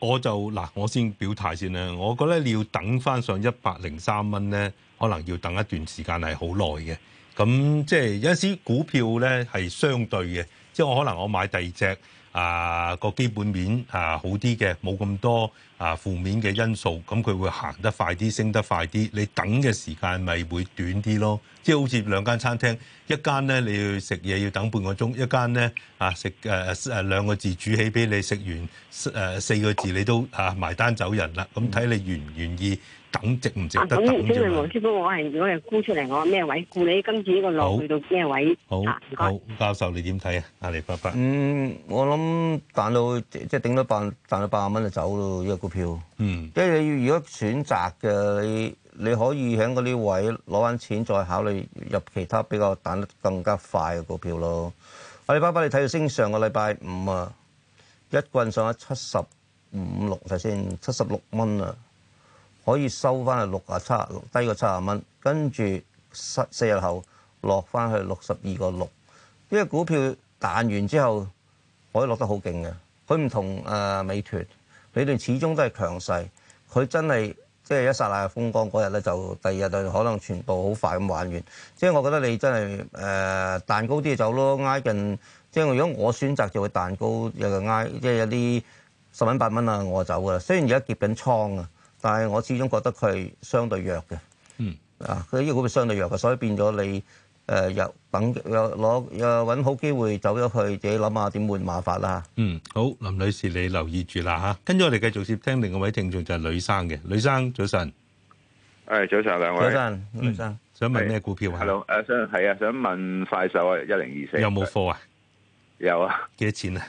我就嗱，我先表態先啦。我覺得你要等翻上一百零三蚊咧，可能要等一段時間，係好耐嘅。咁即係有陣時股票咧係相對嘅，即係我可能我買第二隻。啊，個基本面啊好啲嘅，冇咁多啊負面嘅因素，咁、啊、佢會行得快啲，升得快啲。你等嘅時間咪會短啲咯。即係好似兩間餐廳，一間呢你要食嘢要等半個鐘，一間呢啊食誒誒兩個字煮起俾你，食完誒、啊、四個字你都啊埋單走人啦。咁睇你願唔願意？咁值唔值？啊，等即係黃師傅，我係如果係沽出嚟，我咩位沽你今次呢個路去到咩位？好，好，教授你點睇啊？阿里巴巴？嗯，我諗彈到即係頂多百彈到八十蚊就走咯，呢、呢個股票。嗯，因為你要如果選擇嘅，你你可以喺嗰啲位攞翻錢，再考慮入其他比較彈得更加快嘅股票咯。阿里巴巴你睇到升上個禮拜五啊，一棍上咗七十五六，睇先七十六蚊啊！可以收翻去六啊七，六，低過七啊蚊，跟住四日後落翻去六十二個六。呢個股票彈完之後，可以落得好勁嘅。佢唔同誒美團，美團始終都係強勢。佢真係即係一剎那風光嗰日咧，就第二日就可能全部好快咁玩完。即係我覺得你真係誒彈高啲就走咯，挨近。即係如果我選擇就彈高，有個挨即係有啲十蚊八蚊啊，我走噶。雖然而家結緊倉啊。但係我始終覺得佢係相對弱嘅，嗯、啊！佢呢個股係相對弱嘅，所以變咗你誒入、呃、等又攞又揾好機會走咗去，自己諗下點換馬法啦嗯，好，林女士你留意住啦嚇。跟住我哋繼續接聽另一位聽眾就係呂生嘅，呂生，早晨。誒，早晨兩位。早晨，呂生、嗯、想問咩股票啊？誒是，想係啊，想問快手啊，一零二四。有冇貨啊？有啊。幾多錢啊？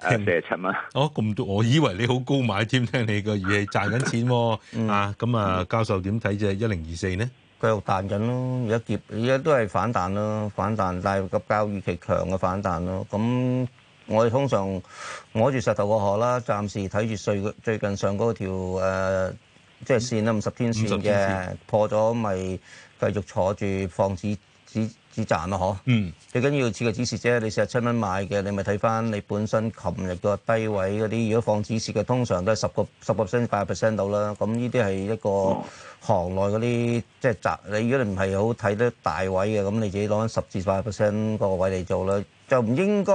誒，四十七蚊，哦，咁多，我以為你好高買添，聽你個語氣賺緊錢喎、哦， 嗯、啊，咁、嗯、啊，教授點睇就啫？一零二四呢？繼續彈緊咯，而家結，而家都係反彈咯，反彈，但係個交預期強嘅反彈咯。咁我哋通常摸住石頭過河啦，暫時睇住最最近上嗰條誒，即係線啦，五十天線嘅破咗，咪繼續坐住放止止，止。止賺咯，嗬、嗯！最緊要似個指示啫。你四十七蚊買嘅，你咪睇翻你本身琴日個低位嗰啲。如果放指示嘅，通常都係十個十個 percent、八個 percent 到啦。咁呢啲係一個行內嗰啲即係窄。你、哦就係、如果你唔係好睇得大位嘅，咁你自己攞緊十至八個 percent 個位嚟做啦。就唔應該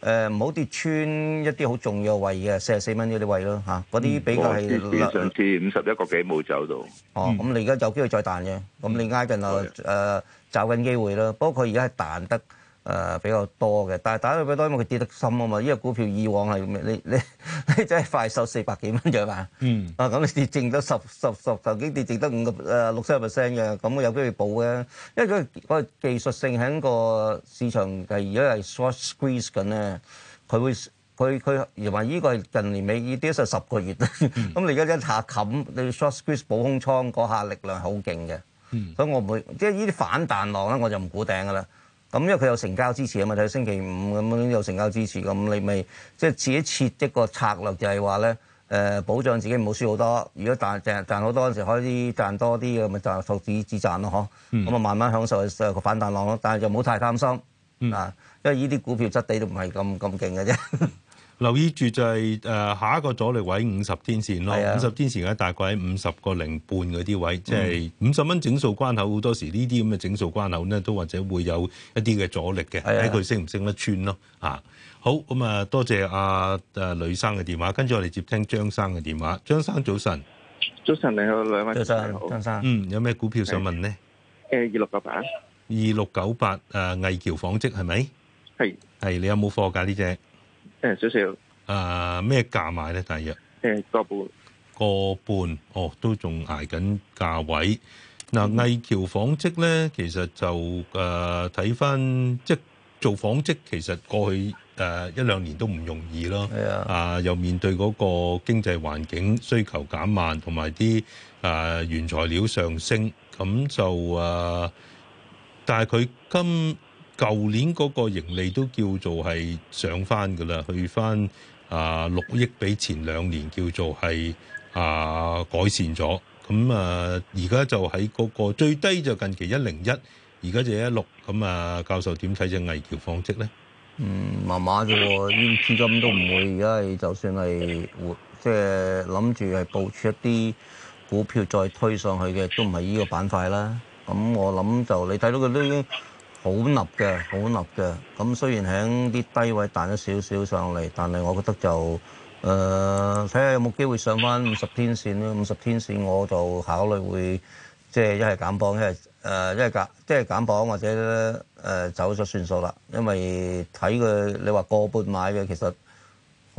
誒唔好跌穿一啲好重要嘅位嘅，四十四蚊嗰啲位咯嚇。嗰、啊、啲比較係上次五十一個幾冇走到。哦，咁、嗯哦、你而家有機會再彈嘅。咁你挨近啊誒？嗯呃找緊機會咯，不過佢而家係彈得誒比較多嘅，但係彈得比較多，因為佢跌得深啊嘛。呢個股票以往係你你你真係快收四百幾蚊嘅嘛。嗯。啊，咁你跌剩得十十十，究竟跌剩得五個誒六七 percent 嘅，咁有機會補嘅。因為佢嗰個技術性喺個市場係而家係 short squeeze 緊啊，佢會佢佢而話依個係近年尾已跌咗十個月，咁你而家一下冚你 short squeeze 補空倉嗰下力量好勁嘅。嗯、所以我唔會即係呢啲反彈浪咧，我就唔估頂噶啦。咁因為佢有成交支持啊嘛，睇、就是、星期五咁有成交支持咁，你咪即係自己設一個策略就係話咧，誒、呃、保障自己唔好輸好多。如果賺賺好多嗰時，可以賺多啲嘅咪就索止止賺咯，嗬。咁啊慢慢享受個反彈浪咯。但係就唔好太貪心啊，嗯、因為呢啲股票質地都唔係咁咁勁嘅啫。 留意住就係誒下一個阻力位五十天線咯，五十、啊、天線咧大概喺五十個零半嗰啲位，即係五十蚊整數關口，好多時呢啲咁嘅整數關口咧都或者會有一啲嘅阻力嘅，睇佢、啊、升唔升得穿咯。啊，好咁啊，多謝阿阿女生嘅電話，跟住我哋接聽張生嘅電話。張生早晨，早晨你好，兩位早晨好張生，張生，嗯，有咩股票想問呢？誒，二六九八，二六九八，誒、啊，魏橋紡織係咪？係係是，你有冇貨噶呢隻？誒，少少。誒，咩價賣咧？大約誒，個半，個半。哦，都仲挨緊價位。嗱，魏橋紡織咧，其實就誒睇翻，即係做紡織，其實過去誒一兩年都唔容易咯。係啊。啊，又面對嗰個經濟環境需求減慢，同埋啲誒原材料上升，咁就誒，但係佢今舊年嗰個盈利都叫做係上返嘅啦，去返啊六億，億比前兩年叫做係啊改善咗。咁啊，而家就喺嗰個最低就近期一零一，而家就一六。咁啊，教授點睇隻危橋放蹤咧？嗯，麻麻啫，呢啲資金都唔會而家係就算係活，即係諗住係部署一啲股票再推上去嘅，都唔係呢個板塊啦。咁我諗就你睇到佢都。好立嘅，好立嘅。咁雖然喺啲低位彈咗少少上嚟，但係我覺得就誒睇下有冇機會上返五十天線咯。五十天線我就考慮會即係一係減磅，一係誒一係減即係減磅或者誒、呃、走咗算數啦。因為睇佢你話過半買嘅其實。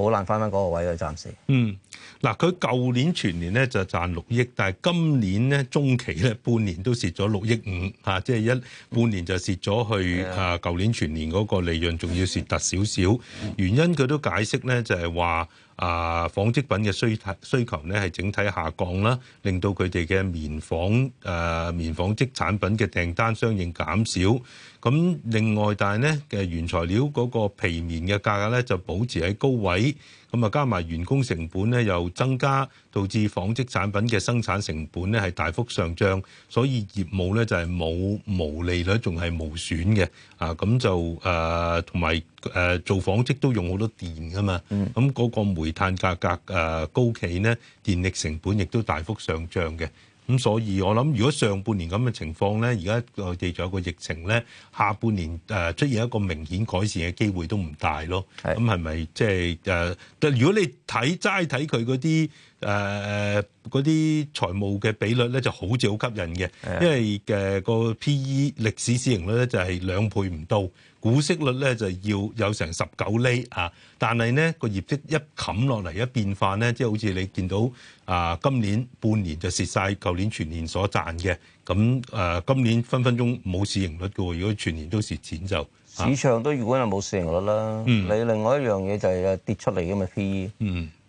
好難翻翻嗰個位嘅，暫時。嗯，嗱，佢舊年全年咧就賺六億，但係今年咧中期咧半年都蝕咗六億五嚇、啊，即係一半年就蝕咗去嚇舊的、啊、年全年嗰個利潤，仲要蝕突少少。原因佢都解釋咧，就係話。啊，紡織品嘅需需求咧係整體下降啦，令到佢哋嘅棉紡誒、呃、棉紡織產品嘅訂單相應減少。咁另外，但係呢嘅原材料嗰個皮棉嘅價格咧就保持喺高位。咁啊，加埋員工成本咧又增加，導致紡織產品嘅生產成本咧係大幅上漲，所以業務咧就係冇毛利率，仲係毛損嘅。啊，咁就誒同埋誒做紡織都用好多電噶嘛。咁、那、嗰個煤炭價格誒高企，呢電力成本亦都大幅上漲嘅。咁所以我，我諗如果上半年咁嘅情況咧，而家我哋仲有個疫情咧，下半年誒、呃、出現一個明顯改善嘅機會都唔大咯。咁係咪即係誒？但、就是呃、如果你睇齋睇佢嗰啲。誒誒嗰啲財務嘅比率咧就好似好吸引嘅。Yeah. 因為嘅、uh, 個 P E 歷史市盈率咧就係兩倍唔到，股息率咧就要有成十九厘啊。但係咧個業績一冚落嚟一變化咧，即係好似你見到啊，今年半年就蝕晒，舊年全年所賺嘅咁誒，今年分分鐘冇市盈率嘅喎。如果全年都蝕錢就。市場都如果又冇市盈率啦，嗯、你另外一樣嘢就係跌出嚟咁嘅 PE，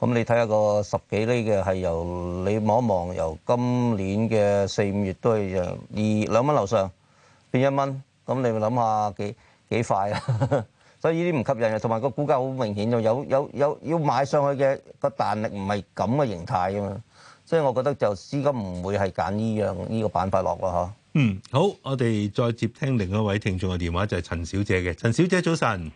咁你睇下個十幾釐嘅係由你望一望，由今年嘅四五月都係二兩蚊樓上變一蚊，咁你諗下幾幾快啊？ 所以呢啲唔吸引嘅，同埋個股價好明顯，有有有要買上去嘅個彈力唔係咁嘅形態啊嘛，所以我覺得就資金唔會係揀呢樣呢個板塊落咯，嗬、這個？嗯，好，我哋再接聽另一位聽眾嘅電話，就係、是、陳小姐嘅。陳小姐早晨，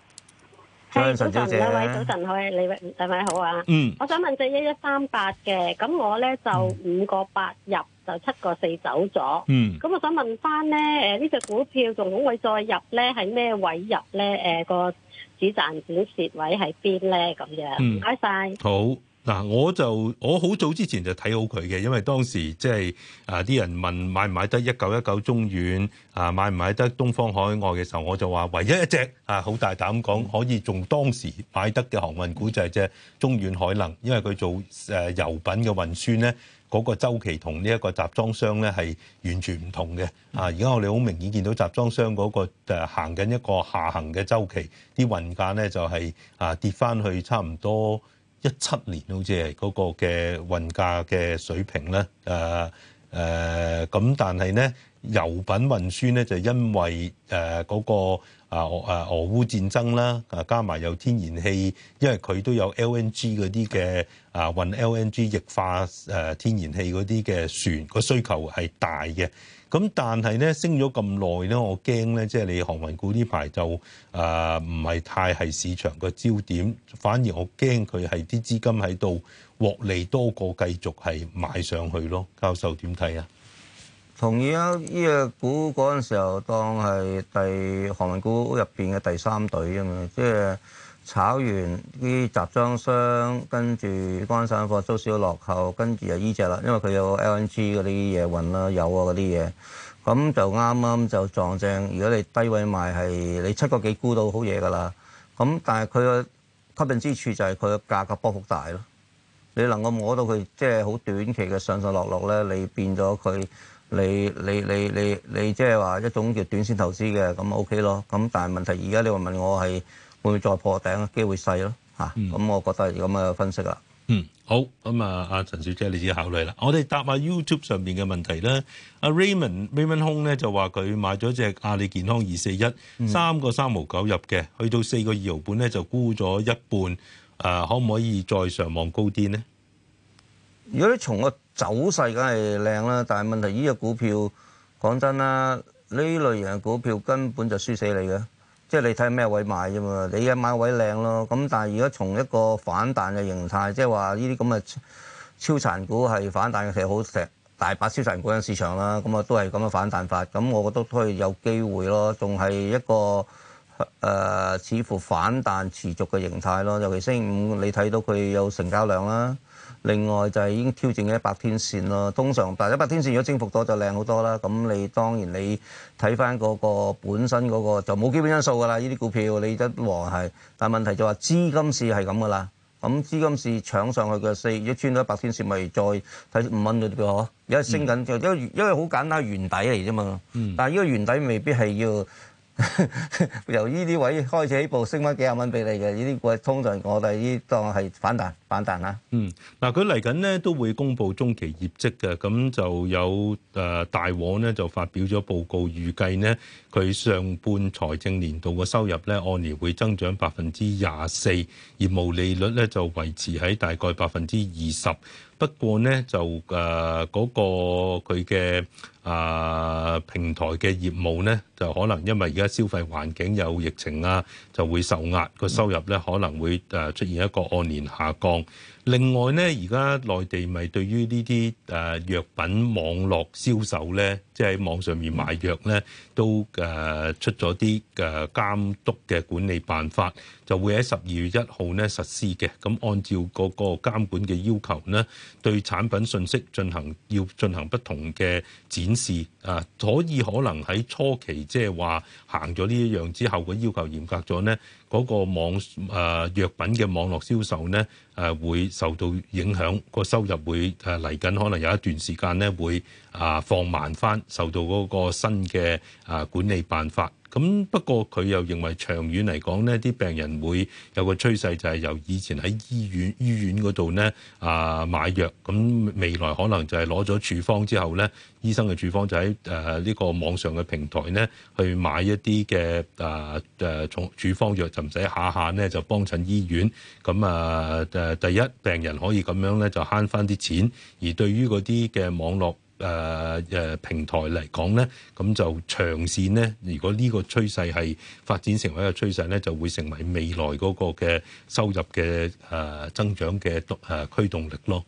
早晨，兩位 Hey, 早晨，早晨好，兩位，兩位好啊。嗯，我想問隻一一三八嘅，咁我咧就五個八入就七個四走咗。嗯，咁我想問翻咧，誒呢隻股票仲可唔可以再入咧？係咩位入咧？誒個止賺止蝕位喺邊咧？咁樣，唔該晒，謝謝好。嗱，我就我好早之前就睇好佢嘅，因為當時即係啊啲人問買唔買得一九一九中遠啊買唔買得東方海外嘅時候，我就話唯一一隻啊好、嗯、大膽講可以仲當時買得嘅航運股就係隻中遠海能，因為佢做誒油品嘅運輸咧，嗰個週期同呢一個集裝箱咧係完全唔同嘅。啊，而家我哋好明顯見到集裝箱嗰個誒行緊一個下行嘅周期，啲運價咧就係啊跌翻去差唔多。一七年好似係嗰個嘅運價嘅水平咧，誒誒咁，但係咧油品運輸咧就因為誒、那、嗰個啊啊、呃呃、俄烏戰爭啦，加埋有天然氣，因為佢都有 LNG 嗰啲嘅啊運 LNG 液化誒天然氣嗰啲嘅船，個需求係大嘅。咁但係咧升咗咁耐咧，我驚咧，即係你航運股呢排就誒唔係太係市場個焦點，反而我驚佢係啲資金喺度獲利多過繼續係買上去咯。教授點睇啊？同意啊！呢、呢個股嗰陣時候當係第航運股入邊嘅第三隊啊嘛，即、就、係、是。炒完啲集裝箱，跟住乾散貨多少落後，跟住就依隻啦，因為佢有 LNG 嗰啲嘢運啦，有啊嗰啲嘢，咁就啱啱就撞正。如果你低位賣係你七個幾沽到好嘢㗎啦，咁但係佢吸引之處就係佢個價格波幅大咯。你能夠摸到佢即係好短期嘅上上落落咧，你變咗佢，你你你你你即係話一種叫短線投資嘅，咁 OK 咯。咁但係問題而家你話問我係？會唔會再破頂啊？機會細咯嚇，咁、嗯啊、我覺得咁嘅分析啦。嗯，好，咁、嗯、啊，阿陳小姐你自己考慮啦。我哋答下 YouTube 上面嘅問題啦。阿、啊、Raymond Raymond Kong 咧就話佢買咗隻阿里健康二四一三個三毛九入嘅，去到四個二毫半咧就沽咗一半。誒、啊，可唔可以再上望高啲呢？如果你從個走勢梗係靚啦，但係問題呢隻股票講真啦，呢類型嘅股票根本就輸死你嘅。即係你睇下咩位買啫嘛，你一買位靚咯，咁但係如果從一個反彈嘅形態，即係話呢啲咁嘅超殘股係反彈嘅時候，好成大把超殘股嘅市場啦，咁啊都係咁嘅反彈法，咁我覺得都係有機會咯，仲係一個誒、呃、似乎反彈持續嘅形態咯，尤其星期五你睇到佢有成交量啦。另外就係已經挑戰一百天線咯，通常但係一百天線如果征服咗就靚好多啦。咁你當然你睇翻嗰個本身嗰個就冇基本因素㗎啦。呢啲股票你得和係，但係問題就話資金市係咁㗎啦。咁資金市搶上去嘅，四一穿到一百天線咪再睇五蚊度啲㗎嗬？而家升緊、嗯、因為因為好簡單，圓底嚟啫嘛。但係呢個圓底未必係要。 由呢啲位開始起步，升翻幾廿蚊俾你嘅，呢啲股通常我哋呢當係反彈，反彈啦。彈啊、嗯，嗱，佢嚟緊呢都會公布中期業績嘅，咁就有誒、呃、大和呢，就發表咗報告，預計呢佢上半財政年度嘅收入呢，按年會增長百分之廿四，而毛利率呢就維持喺大概百分之二十。不過呢，就誒嗰、呃那個佢嘅啊平台嘅業務呢，就可能因為而家消費環境有疫情啊，就會受壓，個收入呢可能會誒出現一個按年下降。另外咧，而家內地咪對於呢啲誒藥品網絡銷售咧，即係網上面買藥咧，都誒出咗啲誒監督嘅管理辦法，就會喺十二月一號咧實施嘅。咁按照嗰個監管嘅要求咧，對產品信息進行要進行不同嘅展示。所以可能喺初期即係話行咗呢一樣之後，個要求嚴格咗咧。嗰個網誒、啊、藥品嘅網絡銷售呢誒、啊、會受到影響，個收入會誒嚟緊可能有一段時間呢會啊放慢翻，受到嗰個新嘅誒、啊、管理辦法。咁不過佢又認為長遠嚟講呢，啲病人會有個趨勢，就係由以前喺醫院醫院嗰度呢啊，買藥，咁未來可能就係攞咗處方之後呢，醫生嘅處方就喺誒呢個網上嘅平台呢去買一啲嘅，啊誒、處、啊、處方藥就唔使下下呢就幫襯醫院。咁、啊、誒，第一，病人可以咁樣呢就慳返啲錢，而對於嗰啲嘅網絡。誒誒、啊啊、平台嚟講咧，咁就長線咧。如果呢個趨勢係發展成為一個趨勢咧，就會成為未來嗰個嘅收入嘅誒、啊、增長嘅動誒驅動力咯。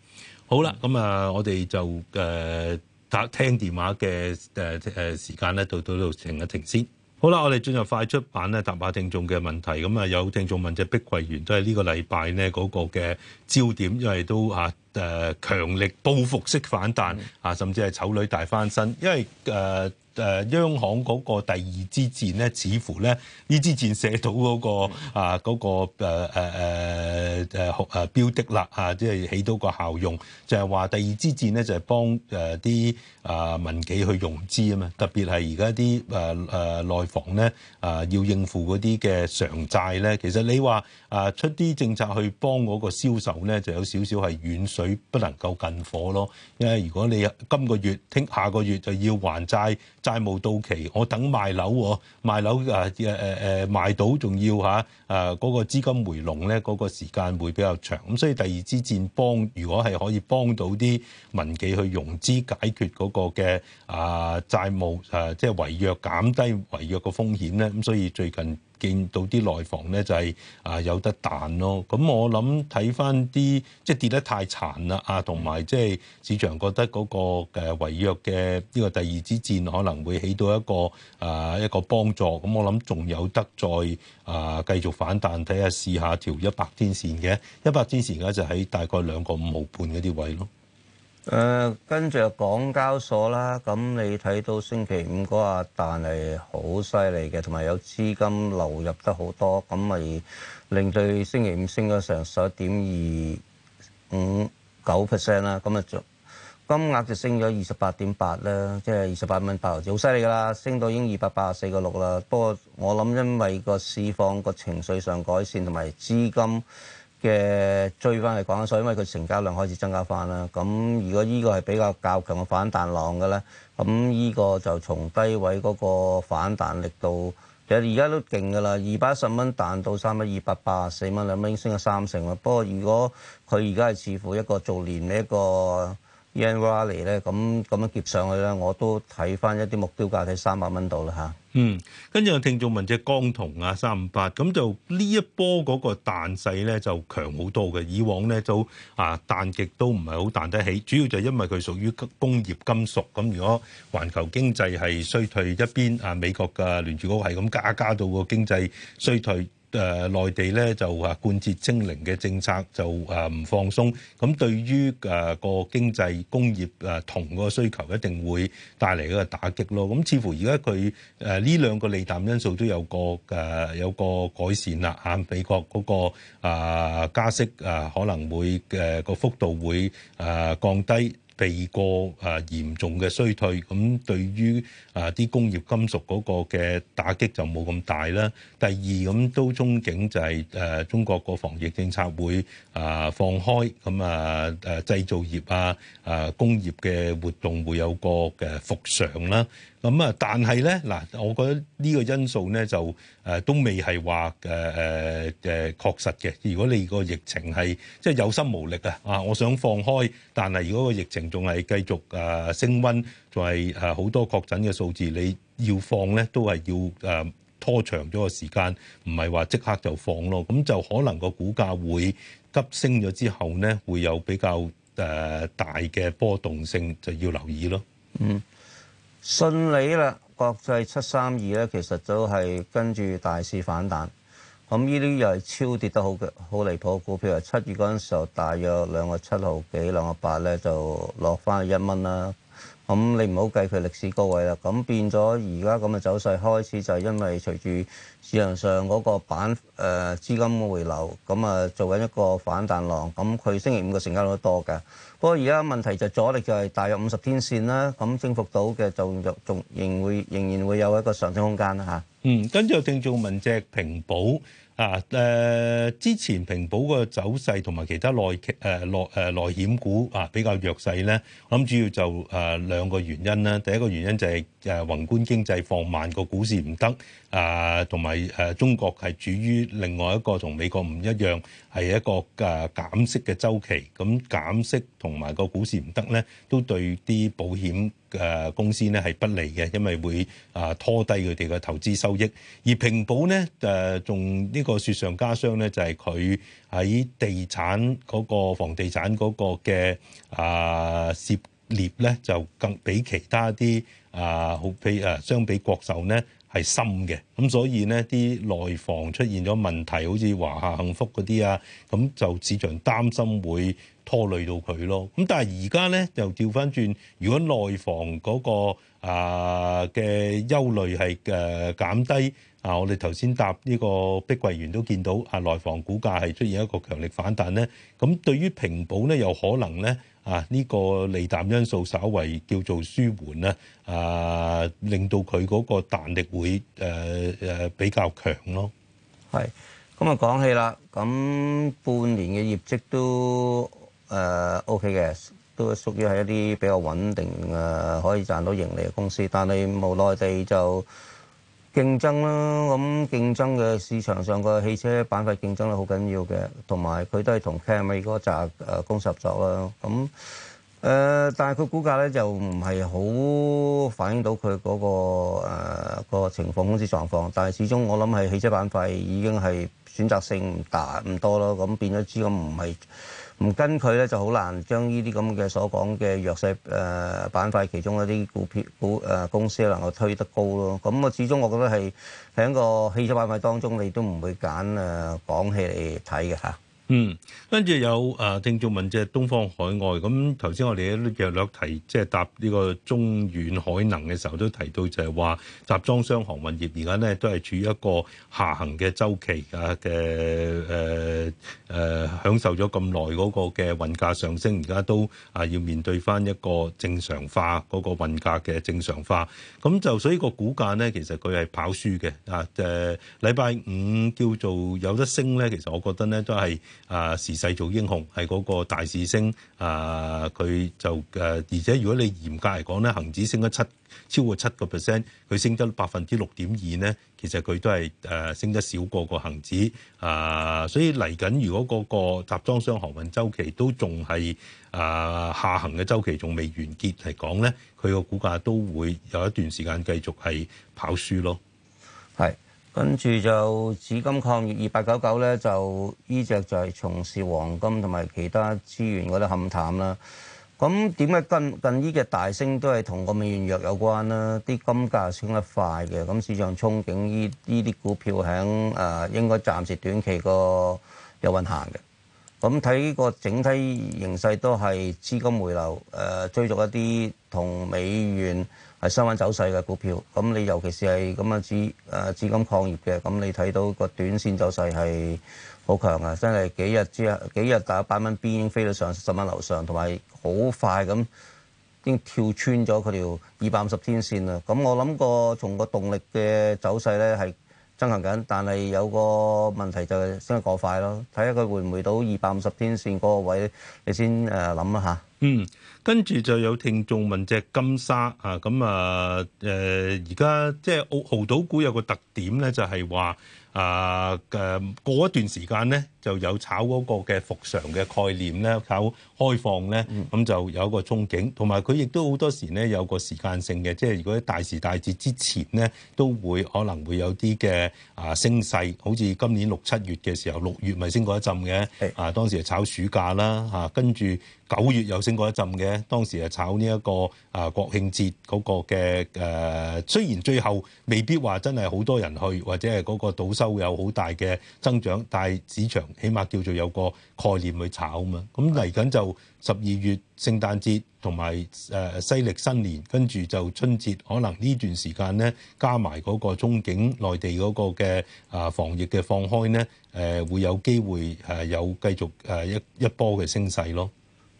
好啦，咁啊，我哋就誒打聽電話嘅誒誒時間咧，到到度停一停先。好啦，我哋進入快出版咧，答，答下聽眾嘅問題。咁、嗯、啊，有聽眾問隻碧桂園都係呢個禮拜呢嗰、那個嘅焦點，因為都啊。誒強力報復式反彈啊，甚至係醜女大翻身，因為誒誒、呃、央行嗰個第二支箭咧，似乎咧呢支箭射到嗰、那個、嗯、啊嗰、那個誒誒誒誒誒標的啦啊，即係起到個效用，就係、是、話第二支箭咧就係幫誒啲啊民企去融資啊嘛，特別係而家啲誒誒內房咧啊要應付嗰啲嘅償債咧，其實你話啊出啲政策去幫嗰個銷售咧就有少少係軟水。佢不能夠近火咯，因為如果你今個月聽下個月就要還債，債務到期，我等賣樓，賣樓誒誒誒賣到仲要吓誒嗰個資金回籠咧，嗰個時間會比較長，咁所以第二支箭幫，如果係可以幫到啲民企去融資，解決嗰個嘅誒債務誒即係違約，減低違約嘅風險咧，咁所以最近。見到啲內房咧就係、是、啊、呃、有得彈咯，咁我諗睇翻啲即係跌得太殘啦啊，同埋即係市場覺得嗰個誒違約嘅呢個第二支箭可能會起到一個啊、呃、一個幫助，咁、嗯、我諗仲有得再啊、呃、繼續反彈，睇下試下條一百天線嘅一百天線而家就喺大概兩個五毫半嗰啲位咯。誒跟住啊，呃、港交所啦，咁你睇到星期五嗰個啊彈係好犀利嘅，同埋有資金流入得好多，咁咪令到星期五升咗成十一點二五九 percent 啦，咁啊就金額就升咗二十八點八啦，即係二十八蚊八毫紙，好犀利噶啦，升到已經二百八十四個六啦。不過我諗因為個市況個情緒上改善同埋資金。嘅追翻嚟講，所以因為佢成交量開始增加翻啦。咁如果呢個係比較較強嘅反彈浪嘅咧，咁呢個就從低位嗰個反彈力度，其實而家都勁噶啦，二百一十蚊彈到三百二百八十四蚊兩蚊，升咗三成啦。不過如果佢而家係似乎一個做連呢一個 Yen Rally 咧，咁咁樣接上去咧，我都睇翻一啲目標價喺三百蚊度啦嚇。.嗯，跟住有聽眾問隻江銅啊，三五八，咁就呢一波嗰個彈勢咧就強好多嘅，以往咧就啊彈極都唔係好彈得起，主要就係因為佢屬於工業金屬，咁如果環球經濟係衰退一邊，啊美國嘅聯儲局係咁加加到個經濟衰退。誒內地咧就話貫徹清零嘅政策就誒唔放鬆，咁對於誒個經濟工業誒同嗰個需求一定會帶嚟一個打擊咯。咁似乎而家佢誒呢兩個利淡因素都有個誒有個改善啦。啊，美國嗰、嗰個啊加息啊可能會誒個、啊、幅度會誒降低。避過誒嚴重嘅衰退，咁對於啊啲工業金屬嗰個嘅打擊就冇咁大啦。第二咁、嗯、都中景就係、是、誒、呃、中國個防疫政策會啊、呃、放開，咁啊製造業啊啊、呃、工業嘅活動會有個嘅復常啦、啊。咁啊，但係咧嗱，我覺得呢個因素咧就誒、呃、都未係話誒誒誒確實嘅。如果你個疫情係即係有心無力啊啊，我想放開，但係如果個疫情仲係繼續誒、呃、升溫，仲係誒好多確診嘅數字，你要放咧都係要誒、呃、拖長咗個時間，唔係話即刻就放咯。咁就可能個股價會急升咗之後咧，會有比較誒大嘅波動性，就要留意咯。嗯。順利啦，國際七三二咧，其實都係跟住大市反彈。咁呢啲又係超跌得好嘅，好離譜嘅股票。係七月嗰陣時候，大約兩個七毫幾、兩個八咧，就落翻去一蚊啦。咁你唔好計佢歷史高位啦。咁變咗而家咁嘅走勢，開始就係因為隨住市場上嗰個板誒、呃、資金回流，咁啊做緊一個反彈浪。咁佢星期五嘅成交都多㗎。不過而家，問題就阻力就係大約五十天線啦，咁征服到嘅就仲仲仍會仍然會有一個上升空間啦嚇。嗯，跟住又定做文隻平保。啊，誒之前平保個走勢同埋其他內誒、呃、內誒、呃、內險股啊比較弱勢咧，我諗主要就誒、呃、兩個原因啦。第一個原因就係、是、誒、呃、宏觀經濟放慢，個股市唔得啊，同埋誒中國係處於另外一個同美國唔一樣係一個誒、呃、減息嘅週期，咁減息同埋個股市唔得咧，都對啲保險。誒公司咧係不利嘅，因為會啊拖低佢哋嘅投資收益。而平保咧誒仲呢個雪上加霜咧，就係佢喺地產嗰個房地產嗰個嘅啊涉獵咧就更比其他啲啊好比啊相比國壽咧係深嘅。咁所以呢啲內房出現咗問題，好似華夏幸福嗰啲啊，咁就市場擔心會。拖累到佢咯，咁但係而家咧就調翻轉，如果內房嗰個啊嘅憂慮係誒減低，啊我哋頭先答呢個碧桂園都見到啊內房股價係出現一個強力反彈咧，咁對於平保咧又可能咧啊呢個利淡因素稍為叫做舒緩咧，啊令到佢嗰個彈力會誒誒比較強咯。係，咁啊講起啦，咁半年嘅業績都。誒、uh, OK 嘅，都屬於係一啲比較穩定誒，可以賺到盈利嘅公司。但係無內地就競爭啦，咁競爭嘅市場，上個汽車板塊競爭咧好緊要嘅，同埋佢都係同 KMI 嗰扎誒公司合作啦。咁誒、呃，但係佢股價咧就唔係好反映到佢嗰、嗰個誒、呃、情況，公司狀況。但係始終我諗係汽車板塊已經係選擇性唔大唔多咯，咁變咗資金唔係。唔跟佢咧，就好難將呢啲咁嘅所講嘅弱勢板塊其中一啲股票，股呃、公司能夠推得高咯。咁我始終我覺得係喺一個汽車板塊當中，你都唔會揀誒廣汽嚟睇嘅。嗯，跟住有啊，聽眾問即係東方海外咁。頭先我哋喺略略提即係答呢個中遠海能嘅時候，都提到就係話集裝箱航運業而家咧都係處於一個下行嘅周期啊嘅誒誒，享受咗咁耐嗰個嘅運價上升，而家都啊要面對翻一個正常化嗰、那個運價嘅正常化。咁就所以個股價咧，其實佢係跑輸嘅啊。誒、呃，禮拜五叫做有得升咧，其實我覺得咧都係。啊時勢做英雄係嗰個大市升啊，佢就誒、啊，而且如果你嚴格嚟講咧，恒指升咗七超過七個 percent，佢升得百分之六點二咧，其實佢都係誒、啊、升得少過個恒指啊，所以嚟緊如果嗰個集裝箱航運周期都仲係啊下行嘅周期，仲未完結嚟講咧，佢個股價都會有一段時間繼續係跑輸咯，係。跟住就紫金礦業二八九九咧，99, 就呢隻就係從事黃金同埋其他資源嗰啲勘探啦。咁點解近近呢隻大升都係同個美元弱有關啦？啲金價升得快嘅，咁市場憧憬呢呢啲股票喺誒、呃、應該暫時短期個有運行嘅。咁睇個整體形勢都係資金回流，誒、呃、追逐一啲同美元。係收穩走勢嘅股票，咁你尤其是係咁啊資誒資金抗跌嘅，咁你睇到個短線走勢係好強啊！真係幾日之後幾日打百蚊 B 已經飛到上十蚊樓上，同埋好快咁，已經跳穿咗佢條二百五十天線啦。咁我諗過從個動力嘅走勢咧係增行緊，但係有個問題就升得過快咯。睇下佢回唔回到二百五十天線嗰個位，你先誒諗一下。嗯。跟住就有聽眾問隻金沙啊，咁啊，誒而家即係濠賭股有個特點呢，就係、是、話。啊嘅過一段時間咧，就有炒嗰個嘅復常嘅概念咧，炒開放咧，咁就有一個憧憬。同埋佢亦都好多時咧，有個時間性嘅，即係如果大時大節之前咧，都會可能會有啲嘅啊升勢，好似今年六七月嘅時候，六月咪升過一陣嘅，啊是的 當時係炒暑假啦，吓跟住九月又升過一陣嘅，當時係炒呢一個啊國慶節嗰個嘅誒。雖然最後未必話真係好多人去，或者係嗰個賭都有好大嘅增長，但係市場起碼叫做有個概念去炒嘛。咁嚟緊就十二月聖誕節同埋誒西歷新年，跟住就春節，可能呢段時間咧加埋嗰個中景內地嗰個嘅啊防疫嘅放開咧，誒會有機會誒有繼續誒一一波嘅升勢咯。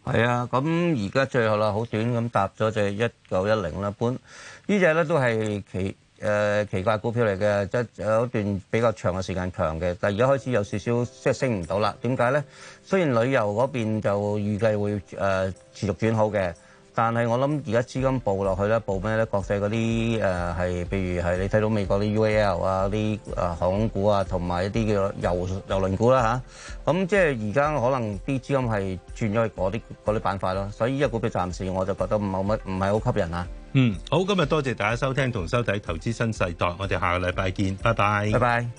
係啊，咁而家最後啦，好短咁搭咗就一九一零啦。本呢隻咧都係企。誒、呃、奇怪股票嚟嘅，即係有一段比較長嘅時間強嘅，但係而家開始有少少即係升唔到啦。點解咧？雖然旅遊嗰邊就預計會誒、呃、持續轉好嘅，但係我諗而家資金部落去咧，部咩咧？國際嗰啲誒係，譬、呃、如係你睇到美國啲 UAL 啊，啲、啊、誒航空股啊，同埋一啲嘅郵郵輪股啦、啊、吓，咁、啊、即係而家可能啲資金係轉咗去嗰啲嗰啲板塊咯。所以依隻股票暫時我就覺得冇乜唔係好吸引啊。嗯，好，今日多謝大家收聽同收睇《投資新世代》，我哋下個禮拜見，拜拜。拜拜。